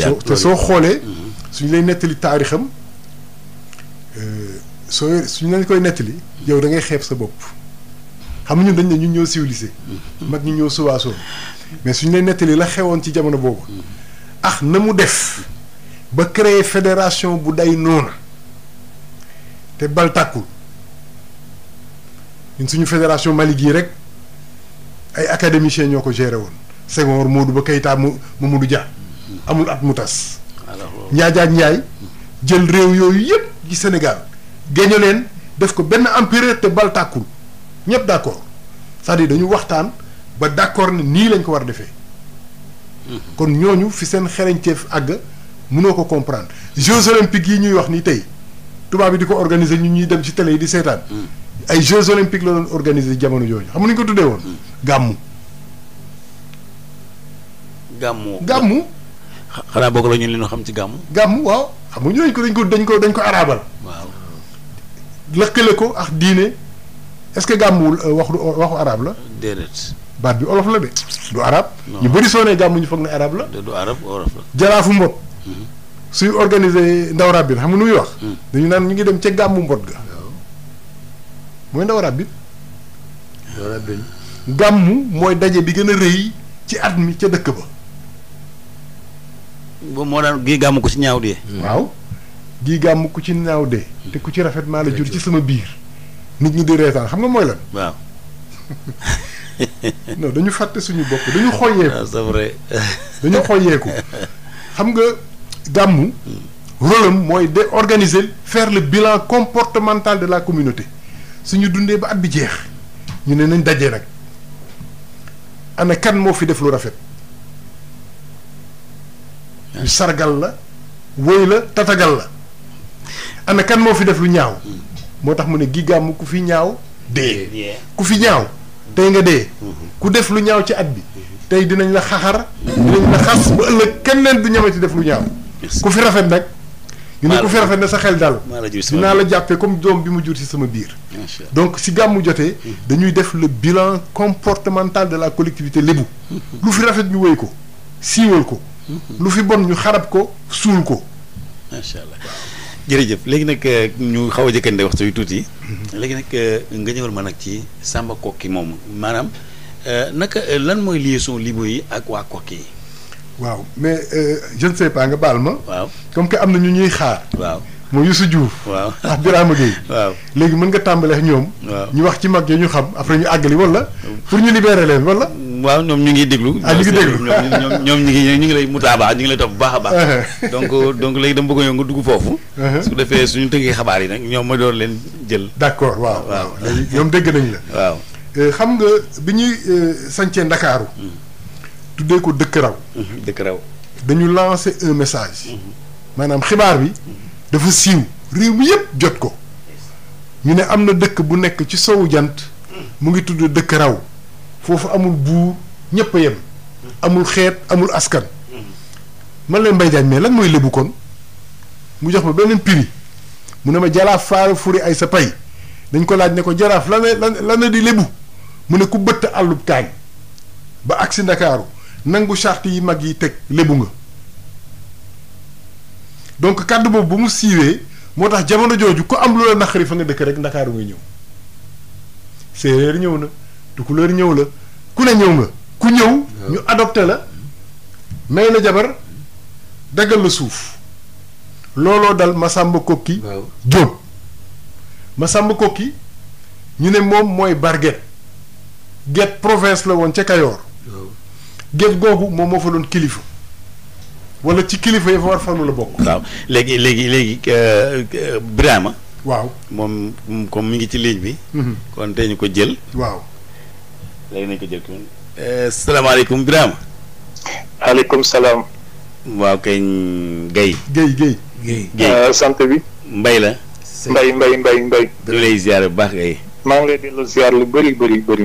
soo te soo xoolee. Mm-hmm. suñ lay nettali taarixam euh, soo suñ lañ koy nettali. Mm-hmm. yow da ngay xeeb sa bopp. xam nga ñun dañ ne ñun ñoo civilisé. Mm-hmm. mag ñu ñoo suwaasoo mais suñ lay nettali la xewoon ci jamono boobu. ah na mu def. ba créer fédération bu day noona te bal tàkkul suñu fédération Mali jii rek. ay académiciens ñoo ko géré woon Senghor Modou Ba mu Mamadou Dia amul at mu tas Ndiaye ak jël réew yooyu yëpp ci Sénégal géño leen def ko benn empire te bal tàkkul ñëpp d' accord cest à dañu waxtaan ba d' accord ne nii lañ ko war a defee kon ñooñu fi seen xereñteef àgg mënoo ko comprendre jeux olympiques yi ñuy wax ni tey tubaab yi di ko organiser ñu ñuy dem ci télé yi di seetaan ay Jeux olympiques la doon organiser jamono yooyu xam nga ko tuddee woon. gàmmu. gàmmu gàmmu. xanaa boog la ñu leen xam ci gàmmu. gàmmu waaw xam nga ñooñu ko dañ ko dañ ko dañ ko arabal. lëkkale ko ak diine est-ce que gàmmuwul euh, waxu waxu arab la. baat bi olof la de du arab. ñu bëri soonee nee gàmmu ñu foog ne arab la. du jaraafu mbot. Mhm. suy organiser ndaw rab bi xam nga nu muy wax. Hmm. dañu naan ñu ngi dem ca gàmmu mbot ga. mooy ndaw rab bi. ndaw gàmmu mooy daje bi gën a rëy ci at mi ca dëkk ba. boobu moo daan gi gàmm ko ci ñaaw dee. waaw gii gàmm ku ci ñaaw dee. Hmm. Hmm. te ku ci rafet maa la jur ci sama biir. nit ñi di reetaan xam nga mooy lan. waaw. non dañu fàtte suñu bopp dañu xooyeeku. Ah, c'est vrai. dañu xooyeeku xam nga gàmmu. Hmm. rôle mooy de organiser faire le bilan comportemental de la communauté. suñu dundee ba at bi jeex ñu ne nañ dajee nag ana kan moo fi def lu rafet sargal la wóy la tatagal la ana kan moo fi def lu ñaaw moo tax mu ne gi gàmm ku fi ñaaw dee ku fi ñaaw tey nga dee mm-hmm. ku def lu ñaaw ci at bi tey dinañ la xaxar dinañ la xas ba ëllëg kenn leen du ñamati def lu ñaaw ku fi rafet nag ñu ne ko fi rafet na sa xel dal dinaa la jàppee comme doom bi ma jur ci sama biir donc si gàmmu jotee hmm. dañuy def le bilan comportemental de la collectivité lébu hmm. lu rafet ñu woy ko siiwal ko hmm. fi bon ñu xarab ko suul ko macha allah jërëjëf léegi nag euh, ñu xaw a jëkkande waxtu yu tuuti léegi nag euh, nga ñëwal ma nag ci Samba Kokki moom maanaam euh, naka lan mooy liaison Lebu yi ak waa Kokki yi waaw mais euh, je ne sais pas nga baal ma. waaw comme que am na ñu ñuy xaar. waaw mooy Youssou Diouf. waaw ak Birama Gueye. waaw léegi mën nga tàmbalee ñoom. waaw ñu wax ci mag yi ñu xam après ñu àgg li wala. pour ñu libérer leen wala. waaw ñoom ñu ngi déglu. ah ñu ngi déglu ñoom ñoom ñu ngi ñu ngi lay mutaaba ñu ngi lay topp bu baax a baax. Uh-huh. donc donc léegi dama bëgg yow nga dugg foofu. Uh-huh. su defee suñu tëggee xabaar yi nag ñoom ma door leen jël. d'accord waaw waaw léegi ñoom dégg nañ la. Euh, xam nga bi ñuy euh, sancee Ndakaaru mm. tuddee ko dëkk raw. Mhm, dëkk dañu lancer un message. maanaam xibaar bi. dafa siiw réew mi yëpp jot ko. ñu ne am na dëkk bu nekk ci sowu jant. mu ngi tudd dëkk raw. foofu amul buur ñëpp a yem. amul xeet amul askan. man leen Mbaye Diagne mais lañ mooy lébu kon mu jox ma beneen prix mu ne ma jalaaf faara furi ay sa pay dañ ko laaj ne ko jaraaf lan la lan la di lébu mu ne ku bëtt àllub kaañ ba agsi Ndakaaru nangu charte yi mag yi teg lébu nga donc kàddu boobu bu mu siiwee moo tax jamono jooju ku am lu la naqari fa nga dëkk rek ndakaaru nga ñëw séeréer ñëw na tukulóor ñëw la ku ne ñëw nga ku ñëw ñu adopté la may la jabar daggal la suuf looloo dal ma Masamba Kokki Jóob Masamba Kokki ñu ne moom mooy Barguet Guet province la woon ca Kayoor géej googu moom moo fa doon kilifa wala ci kilifa yi fa war fanu la bokk. waaw léegi léegi léegi euh, Birama. waaw moom comme mi ngi ci ligne bi. Mhm. kon tey ñu ko jël. waaw. léegi nañ ko jël kon. Euh, salaamaaleykum Birama. aleykum salaam. waaw kay Guèye. Guèye Guèye. Euh, sant bi. Mbay la. Mbay Mbay Mbay Mbay. du lay ziar bu baax Guèye. maa ngi lay delloo ziar lu bëri bëri bëri.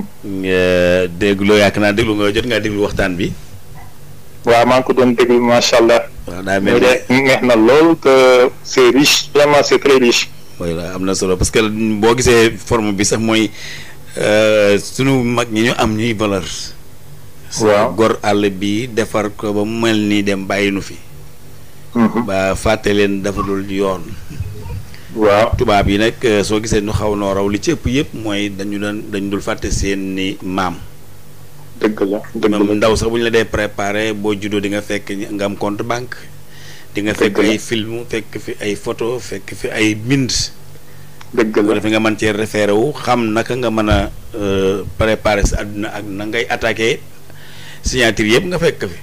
déglu yaakaar naa déglu nga jot ngaa déglu waxtaan bi. waaw maa ngi ko doon déglu macha allah. waaw daa mel neex na lool que c'est riche vraiment c'est am na solo parce que boo gisee forme bi sax mooy euh, sunu mag ñi ñu am ñuy valeur. waaw gor àll bi defar ko ba mu mel nii dem bàyyi nu fi. Mhm. ba fàtte leen dafa dul yoon. waaw tubaab yi nag euh, soo gisee ñu xaw noo raw li ci ëpp yëpp mooy dañu doon dañu dul fàtte seen ni maam. dëgg la dëgg la ndaw sax bu ñu la dee préparé boo juddoo di nga fekk nga am compte banque. di nga fekk ay film fekk fi ay photo fekk fi ay mbind dëgg la fi nga mën cee référé wu xam naka nga mën a euh, préparer sa àdduna ak na ngay attaqué signature yëpp nga fekk fi.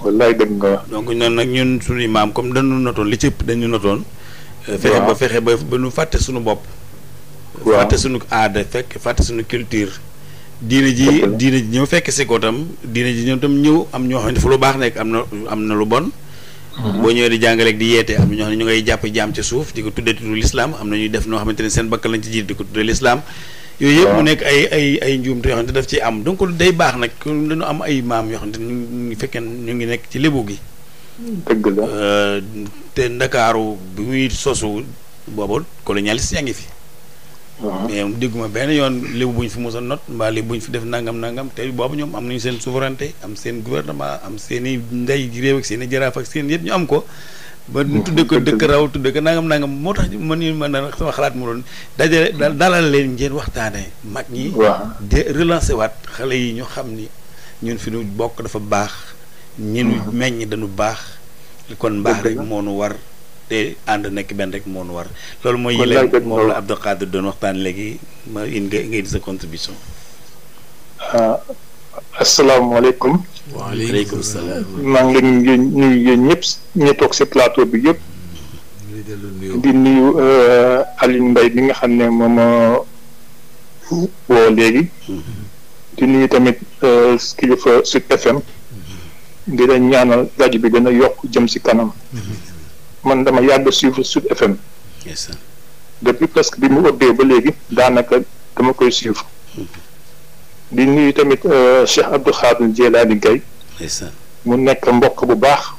wallaay dëgg nga wax. donc ñun nag ñun suñuy maam comme dañu notoon li ci ëpp dañu notoon. Euh, fexe ba fexe ba ba nu fàtte suñu bopp fàtte suñu aada fekk fàtte suñu culture diine ji diine ji ñëw fekk si ko tam diine ji ñëw tam ñëw am ñoo xam ne fu lu baax nekk am na am na lu bon mhm. boo ñëwee di jàngaleeg di yeete am ñoo xam ne ñu ngay jàpp jaam ci suuf di ko tuddee tuddu lislaam am na ñuy def noo xamante ne seen bakk lañ ci jiit di ko tuddee lislaam yooyu yëpp mu nekk ay ay ay njuumte yoo xam def ci am donc day baax nag dañu am ay maam yoo xam ne ngi fekkee ñu ngi nekk ci lébu gi dëgg la euh, te ndakaaru bi muy sosu boobu colonialiste yaa ngi fi. mais dégguma benn yoon lébu bu ñu fi mos a not mbaa lébu bu ñu fi def nangam nangam te boobu ñoom am nañu seen souveraineté am seen gouvernement am seen i ndey réew ak seen i jaraaf ak seen yëpp ñu am ko. ba ñu tudde ko dëkk raw tudde ko nangam nangam moo tax man ñu mën na sama xalaat mu doon dajale dalal leen ngeen waxtaanee mag ñi. de relancer waat xale yi ñu xam ni ñun fi ñu bokk dafa baax. ñi nu meññ dañu baax kon mbaax rek moo nu war te ànd nekk benn rek moo nu war loolu mooy yële moom la Abdou Khadir doon waxtaan léegi ma indi nga indi sa contribution ah, asalaamaaleykum waaleykum salaam maa ngi leen di nuyu yéen ñëpp ñi toog si plateau bi yëpp di nuyu euh, Alioune Mbaye bi nga xam ne moom woo léegi mm-hmm. di nuyu tamit euh, kilifa Sud FM di leen ñaanal rajo bi gën a yokk jëm si kanam man dama yàgg suivre Sud FM depuis que bi mu ëbbee ba léegi daanaka dama koy suivre di nuyu tamit euh, Cheikh Abdou Khadir Jeelaani Gaye mu nekk mbokk bu baax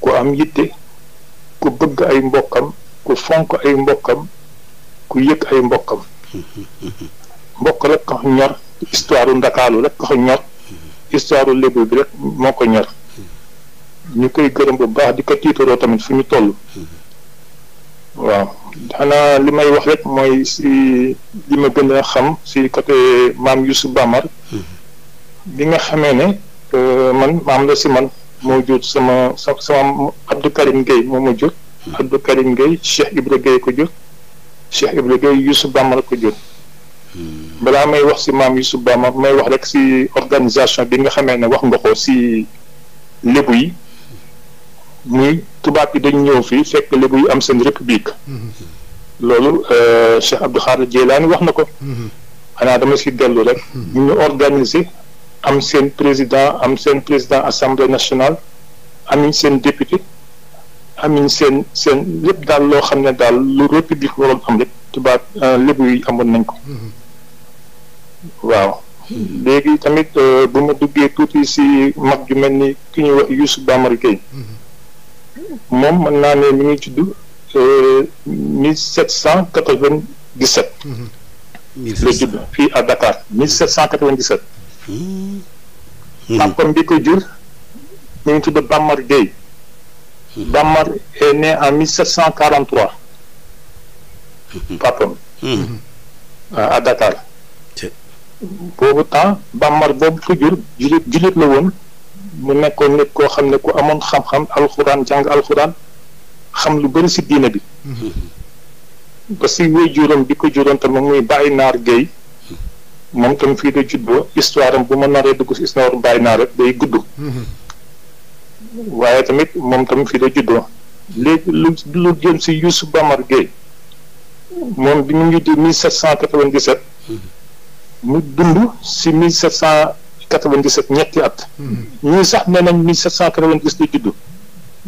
ku am yitte ku bëgg ay mbokkam ku fonk ay mbokkam ku yëg ay mbokkam mbokk rek ko ñor histoire u Ndakaaru rek ñor histoire lébu bi rek moo ko ñor ñu koy gërëm bu baax di ko tiitaroo tamit fu ñu toll waaw xanaa li may wax rek mooy si li ma gën a xam si côté maam Youssou Bamar bi nga xamee ne euh, man maam la si man moo jur sama sama Abdou Karim Gueye moo ma jur Abdou Karim Gueye Cheikh Ibra Gueye ko jur Cheikh Ibra Gueye Youssou Bamar ko jur balaa may wax si maam Youssouf Ba ma may wax rek si organisation bi nga xamee ne wax nga ko si lébu yi muy tubaab yi dañ ñëw fii fekk lébu yi am seen république loolu euh, Cheikh Abdou Khadre Jeylaani wax na ko xanaa dama si dellu rek ñu organiser am seen président am seen président assemblée nationale amuñ seen député amuñ seen seen lépp daal loo xam ne daal lu république waroon am rek tubaab euh, lébu yi amoon nañ ko waaw léegi tamit euh, bu ma duggee tuuti si mag ju mel ni ki ñuy wax Youssou Bamary Gueye moom mën naa ne mi ngi euh, judd mille sept cent quatre-vingt-dix-sept fii à Dakar mille sept cent quatre-vingt-dix-sept papam bi ko jur mu ngi tudd Bamary Gueye Bamary est né en mille sept cent quarante-trois papam hmm. à Dakar boobu temps bàmmar boobu fa jur jullit jullit la woon mu nekkoon nit koo xam ne ku amoon xam-xam alxuraan jàng alxuraan xam lu bëri si diine bi hmm. ba si wéy juróom bi ko juróom tamit muy bàyyi naar géey hmm. moom fii da juddoo histoire am bu ma naree dugg si histoire am bàyyi gudd waaye tamit moom tam fii da juddoo léegi lu lu jëm si Youssou Bamar Gueye moom bi mu ngi mille sept cent quatre-vingt-dix-sept mu dund si mille sept cent quatre-vingt-dix-sept ñetti at hmm. ñii sax nee nañ mille sept cent quatre-vingt-dix la judd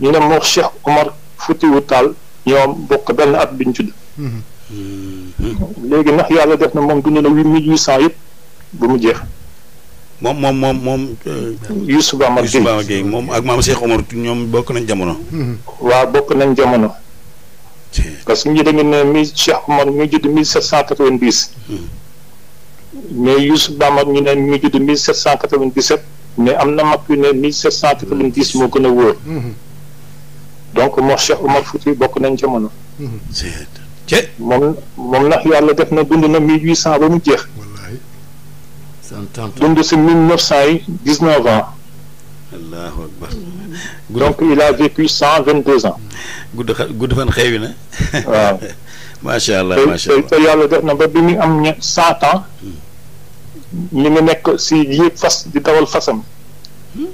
ñu ne moo Cheikh Omar Foutiyou Tall ñoom bokk benn at bi ñu judd hmm. léegi ndax yàlla def na moom dund na huit mille huit cent yëpp bu mu jeex moom moom moom moom. Euh, ak Amar Gueye Youssouf Amar Gueye moom ak maam Cheikh Omar ñoom bokk nañ jamono. waaw bokk nañ jamono. parce que ñu da ngeen ne mi Cheikh Omar mi judd 1790. mais Youssou Bamar ñu ne mi judd 1797. mais am na mag yu ne 1790 moo gën a wóor. donc moo Cheikh Omar Fouti bokk nañ jamono. moom moom nag yàlla def na dund na cent ba mu jeex. dund si 1900 yi 19 ans. allahu akbar. donc il a vécu cent vingt deux ans. gudd fan xewi na. waaw macha allah macha allah yàlla def na ba bi muy am ña cent ans. Hmm. ñu ngi nekk si yéeg fas di dawal fasam. Hmm.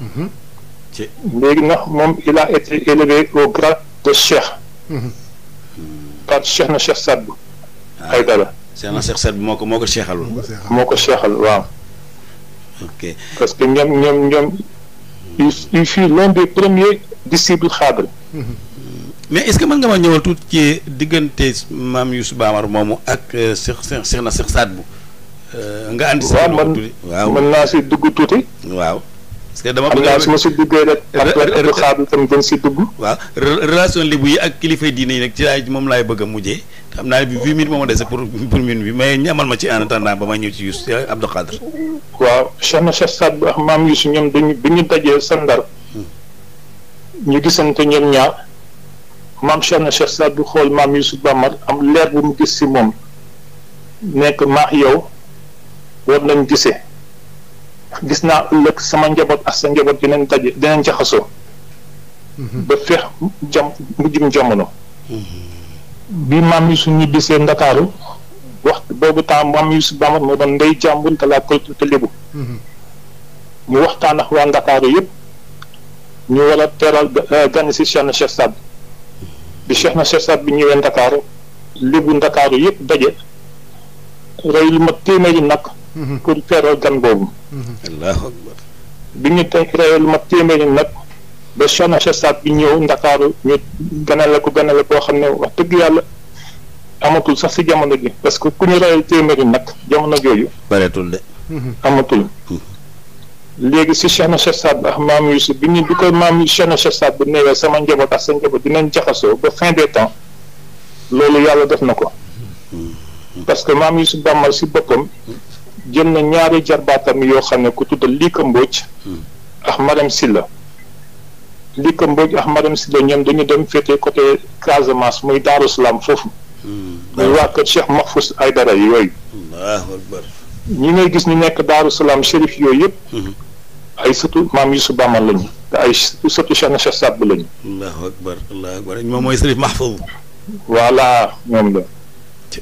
Mm-hmm. léegi nag moom il a été élevé au grade de cheikh. Mm-hmm. Hmm. par cheikh ah. na cheikh Sadbu. Aydara cheikh na cheikh Sadbu moo ko moo ko cheikhalul. moo ko cheikhalul waaw. parce que ñoom ñoom ñoom. il il fut l'un des premiers disciples xaadir. mais est-ce que mën nga ma ñëwal tuuti ci diggante maam Youssou Bamar moomu ak euh, Cheikh Cheikh Cheikh na Cheikh Saad bu euh, nga andi. waaw man waaw mën naa si dugg tuuti. waaw. parce dama bëgg a su ma si duggee rek. ak xaadir tam gën si dugg. waaw relation libu yi ak kilifa diine yi nag ci laay moom laay bëgg a mujjee. xam naa ne bi huit minutes moo ma dese pour pour mais ñamal ma ci en ba ma ñëw ci Youssou eh, Abdou Khadre waaw Cheikh na bu ak maam Youssou ñoom dañu bi ñu dajee sa ndar ñu gisante ñoom ñaar maam Cheikh na Cheikh Saad bu xool maam Youssou Bamar am leer bu mu gis si moom nekk maax yow war nañ gisee gis naa ëllëg sama njaboot ak sa njaboot dinañ daje dinañ jaxasoo mhm. ba feex jam jamono mhm. bi maam Youssou ñibbisee Ndakaaru waxtu boobu temps maam Youssou Bamba moo doon ndey jàmbur te la culture lébu mhm. ñu waxtaan ak waa Ndakaaru yëpp ñu war a teeral euh, gan si Cheikh na Cheikh Saad bi Cheikh na Cheikh Saad bi ñëwee Ndakaaru lébu Ndakaaru yëpp daje rey lu ma téeméeri nag mhm. pour teeral gan boobu. Mhm. bi ñu tey rey lu ma téeméeri nag. ba chômage stable bi ñëw ndakaaru ñu ganale ko ganale boo xam ne wax dëgg yàlla amatul sax si jamono ji parce que ku ñu rey téeméeri nag jamono jooju. bareetul de. amatul. léegi si chômage stable ak maam Youssouf bi ñu bi ko maam chômage bu néewee sama njaboot ak sa njaboot dinañ jaxasoo ba fin des temps loolu yàlla def na ko. parce que maam Youssouf Bamar si boppam. jël na ñaari jarbaatam yoo xam ne ku tudd Lika Mbodj. ak Marème Sylla li ko Mbodj ak madame Sylla ñoom dañu dem féete côté Casamance muy Daaru Salaam foofu. Hmm. muy waa kër Cheikh Mahfous Aydara yooyu. ñi ngay gis ñu nekk Daaru Salaam shérif yooyu yëpp. Hmm. ay sëtu maam Youssou Bama lañu te ay sëtu Cheikh na Cheikh Saad lañu. allahu akbar allahu akbar moom mooy Sërif Mahfous. voilà ñoom la.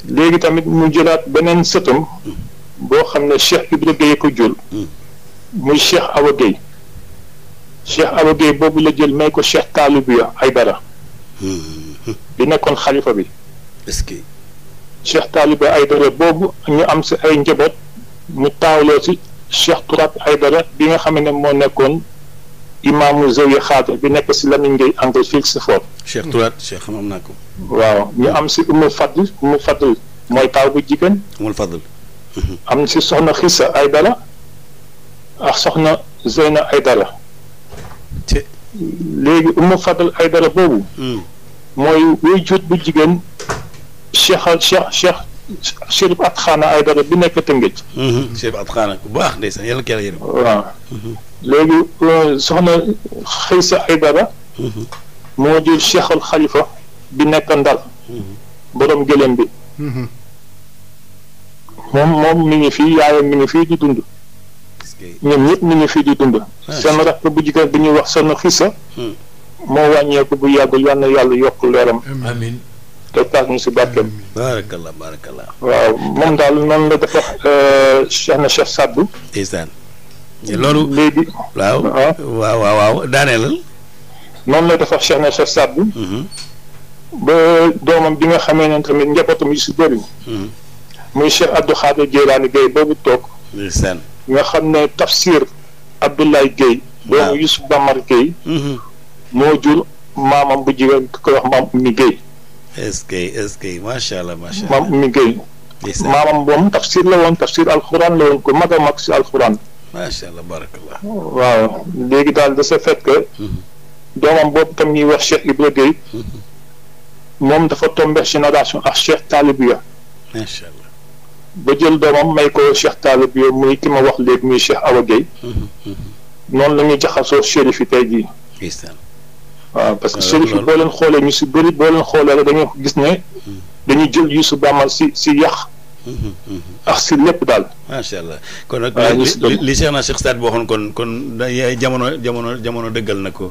léegi tamit mu jëlaat beneen sëtam. Hmm. boo xam ne Cheikh Ibra Gueye ko jël. muy Cheikh Awa Gueye. Cheikh Awa Gueye boobu la jël may ko Cheikh Taalou ay Aydara hmm. bi nekkoon xalifa bi. est-ce que. Cheikh Taalou bi Aydara boobu ñu am si ay njaboot mu taawloo si Cheikh ay Aydara bi nga xam ne moo nekkoon imaamu zawiya xaadir bi nekk si Lamine Gueye angle Filsefort. Cheikh Tourab Cheikh xam am naa ko. waaw ñu am si Umu Fadl Umu Fadl bu jigéen. Umu Fadl. am si soxna ay Aydara ak soxna ay Aydara. léegi Oumou Fadal Aidara boobu. Hmm. mooy wuy jot bu jigéen Cheikh Cheikh Cheikh Chérif Atkhana Aidara bi nekk Tëngéej. Hmm. Chérif Atkhana bu baax ndeysaan yàlla kii yërëm. waaw hmm. léegi euh, soxna Xaysa Aidara. moo jur Cheikhul Khalifa bi nekk Ndar. borom gëlëm bi. moom moom mi ngi fii yaayam mi ngi fii di ñoom ñëpp ñu ngi fii di dund. Ah, seen rakk bu jigéen bu ñuy wax seen xisa. Hmm. moo wàññeeku bu yàggul yal yàlla yokk leeram. amiin te taas ñu si barkeem. baarakallah baarakallah. waaw moom daal noonu la dafa euh, Cheikh ah. na Cheikh Sadou. ndeysaan hmm. na Cheikh Sadou. ba doomam bi nga xamee ne tamit njabootam yu si bëri. Hmm. muy Cheikh Abdou Khadir Jeylaani Gueye boobu toog. nga xam ne tafsir Abdoulaye Guèye doomu Yusuf Bamar Guèye mhm. moo jur maamam bu jigéen ki koy wax maam Oumy Guèye est-ce que est-ce que maamam moom tafsir la tafsir alxuraan la ko mag a mag si alxuraan macha allah barakallah waaw léegi daal de ce fait mhm. doomam boobu tam ñuy wax Cheikh Ibra Guèye mhm. moom dafa tombé génération ak Cheikh Talibia macha allah ba jël doomam may ko Cheikh Taalib yooyu muy ki ma wax léegi muy Cheikh Awa Guèye noonu la ñuy jaxasoo chérif yi tey jii waaw parce que chérif euh, yi boo leen xoolee ñu su bëri boo leen xoolee la dañu gis ne dañuy jël su Bama si si yàq ak si lépp daal macha allah kon nag li Cheikh na Cheikh Saad boo waxoon kon kon jamono jamono jamono dëggal na ko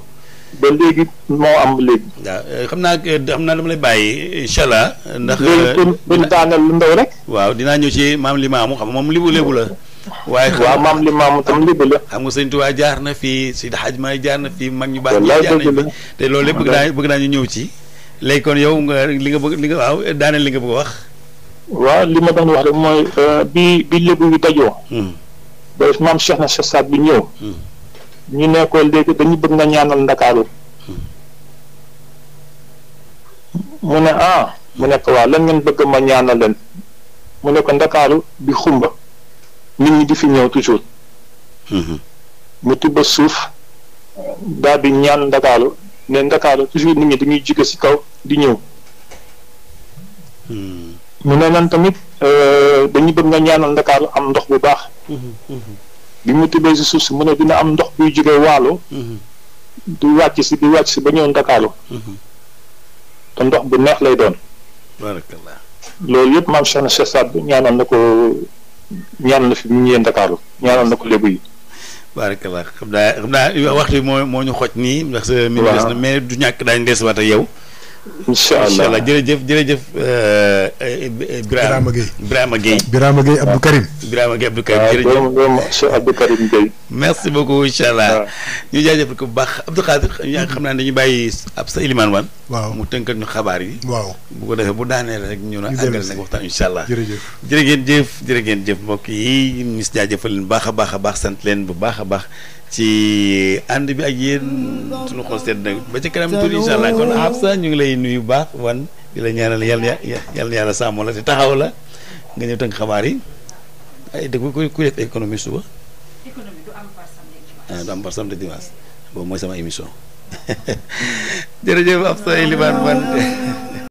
ba léegi moo am léegi. waaw euh, xam naa euh, xam naa dama lay bàyyi incha allah. ndax léegi pour euh, daaneel lu ndaw rek. waaw dinaa ñëw ci maam Limaamu xam moom libu lébu la. waaye waaw maam Limaamu tam libu la. xam nga sëñ Tuubaa jaar na fii si xaj maay jaar na fii mag ñu baax. wallaay jaar nañ fi te loolu lépp bëgg naa bëgg naa ñu ñëw ci. léegi kon yow nga li nga bëgg li nga waaw daaneel li nga bëgg wax. waaw li ma doon wax rek ma bi bi lébu bi dajoo. Hmm. ba maam Cheikh na Cheikh Saad bi ñëw. Hmm. ñu ne ko léegi dañu bëgg nga ñaanal ndakaaru mu ne ah mu nekk waa waaw bëgg ma ñaanal leen mu ne ko ndakaaru di xumba nit ñi di fi ñëw toujours mm-hmm. mu tibb suuf daal di ñaan ndakaaru ne ndakaalu toujours nit ñi dañuy jóge ci kaw di ñëw mm-hmm. mu ne lan tamit euh, dañu bëgg nga ñaanal ndakaaru am ndox bu baax mm-hmm. bi mu tibbee si suuf si mu ne dina am ndox buy jógee waalo mm-hmm. du wàcc si di wàcc si ba ñëw ndakaalu mm-hmm. te ndox bu neex lay doon loolu yëpp maam Cheikh na Cheikh Saad ñaanal na ko ñaanal na fi mu ñëwee ndakaalu ñaanal na ko lébu yi barakallah xam naa xam naa waxtu moo moo ñu xoj nii ndax mais du ñàkk daañ des waat ak yow incha allah jërëjëf jërëjëf eh, eh, Birama Gueye Birama Gueye Birama Gueye Abdou Karim Birama Gueye Abdou Karim ah, jërëjëf Abdou Karim Gueye merci beaucoup incha allah ah. ñu jaajëfal ko bu baax Abdou Khadir xam naa dañuy bàyyi ab sa ilimaan wan waaw mu tënk ak ñu xabaar yi waaw bu ko defee bu daanee rek ñu na àggal nag waxtaan incha allah jërëjëf jërë ngeen jëf jërë ngeen jëf mbokk yi ñu jaajëfal leen baax a baax a baax sant leen bu baax a baax ci ànd bi ak yéen sunu xol sedd na ba ci kanam tuuti incha allah kon Absa ñu ngi lay nuyu baax wan di la ñaanal yàlla yàlla yàlla sàmm la te taxaw la nga ñëw tënk xabaar yi ay dëgg ku ku def économie suba. économie du am par samedi ah, dimanche. boobu mooy sama émission jërëjëf Absa Elimane man.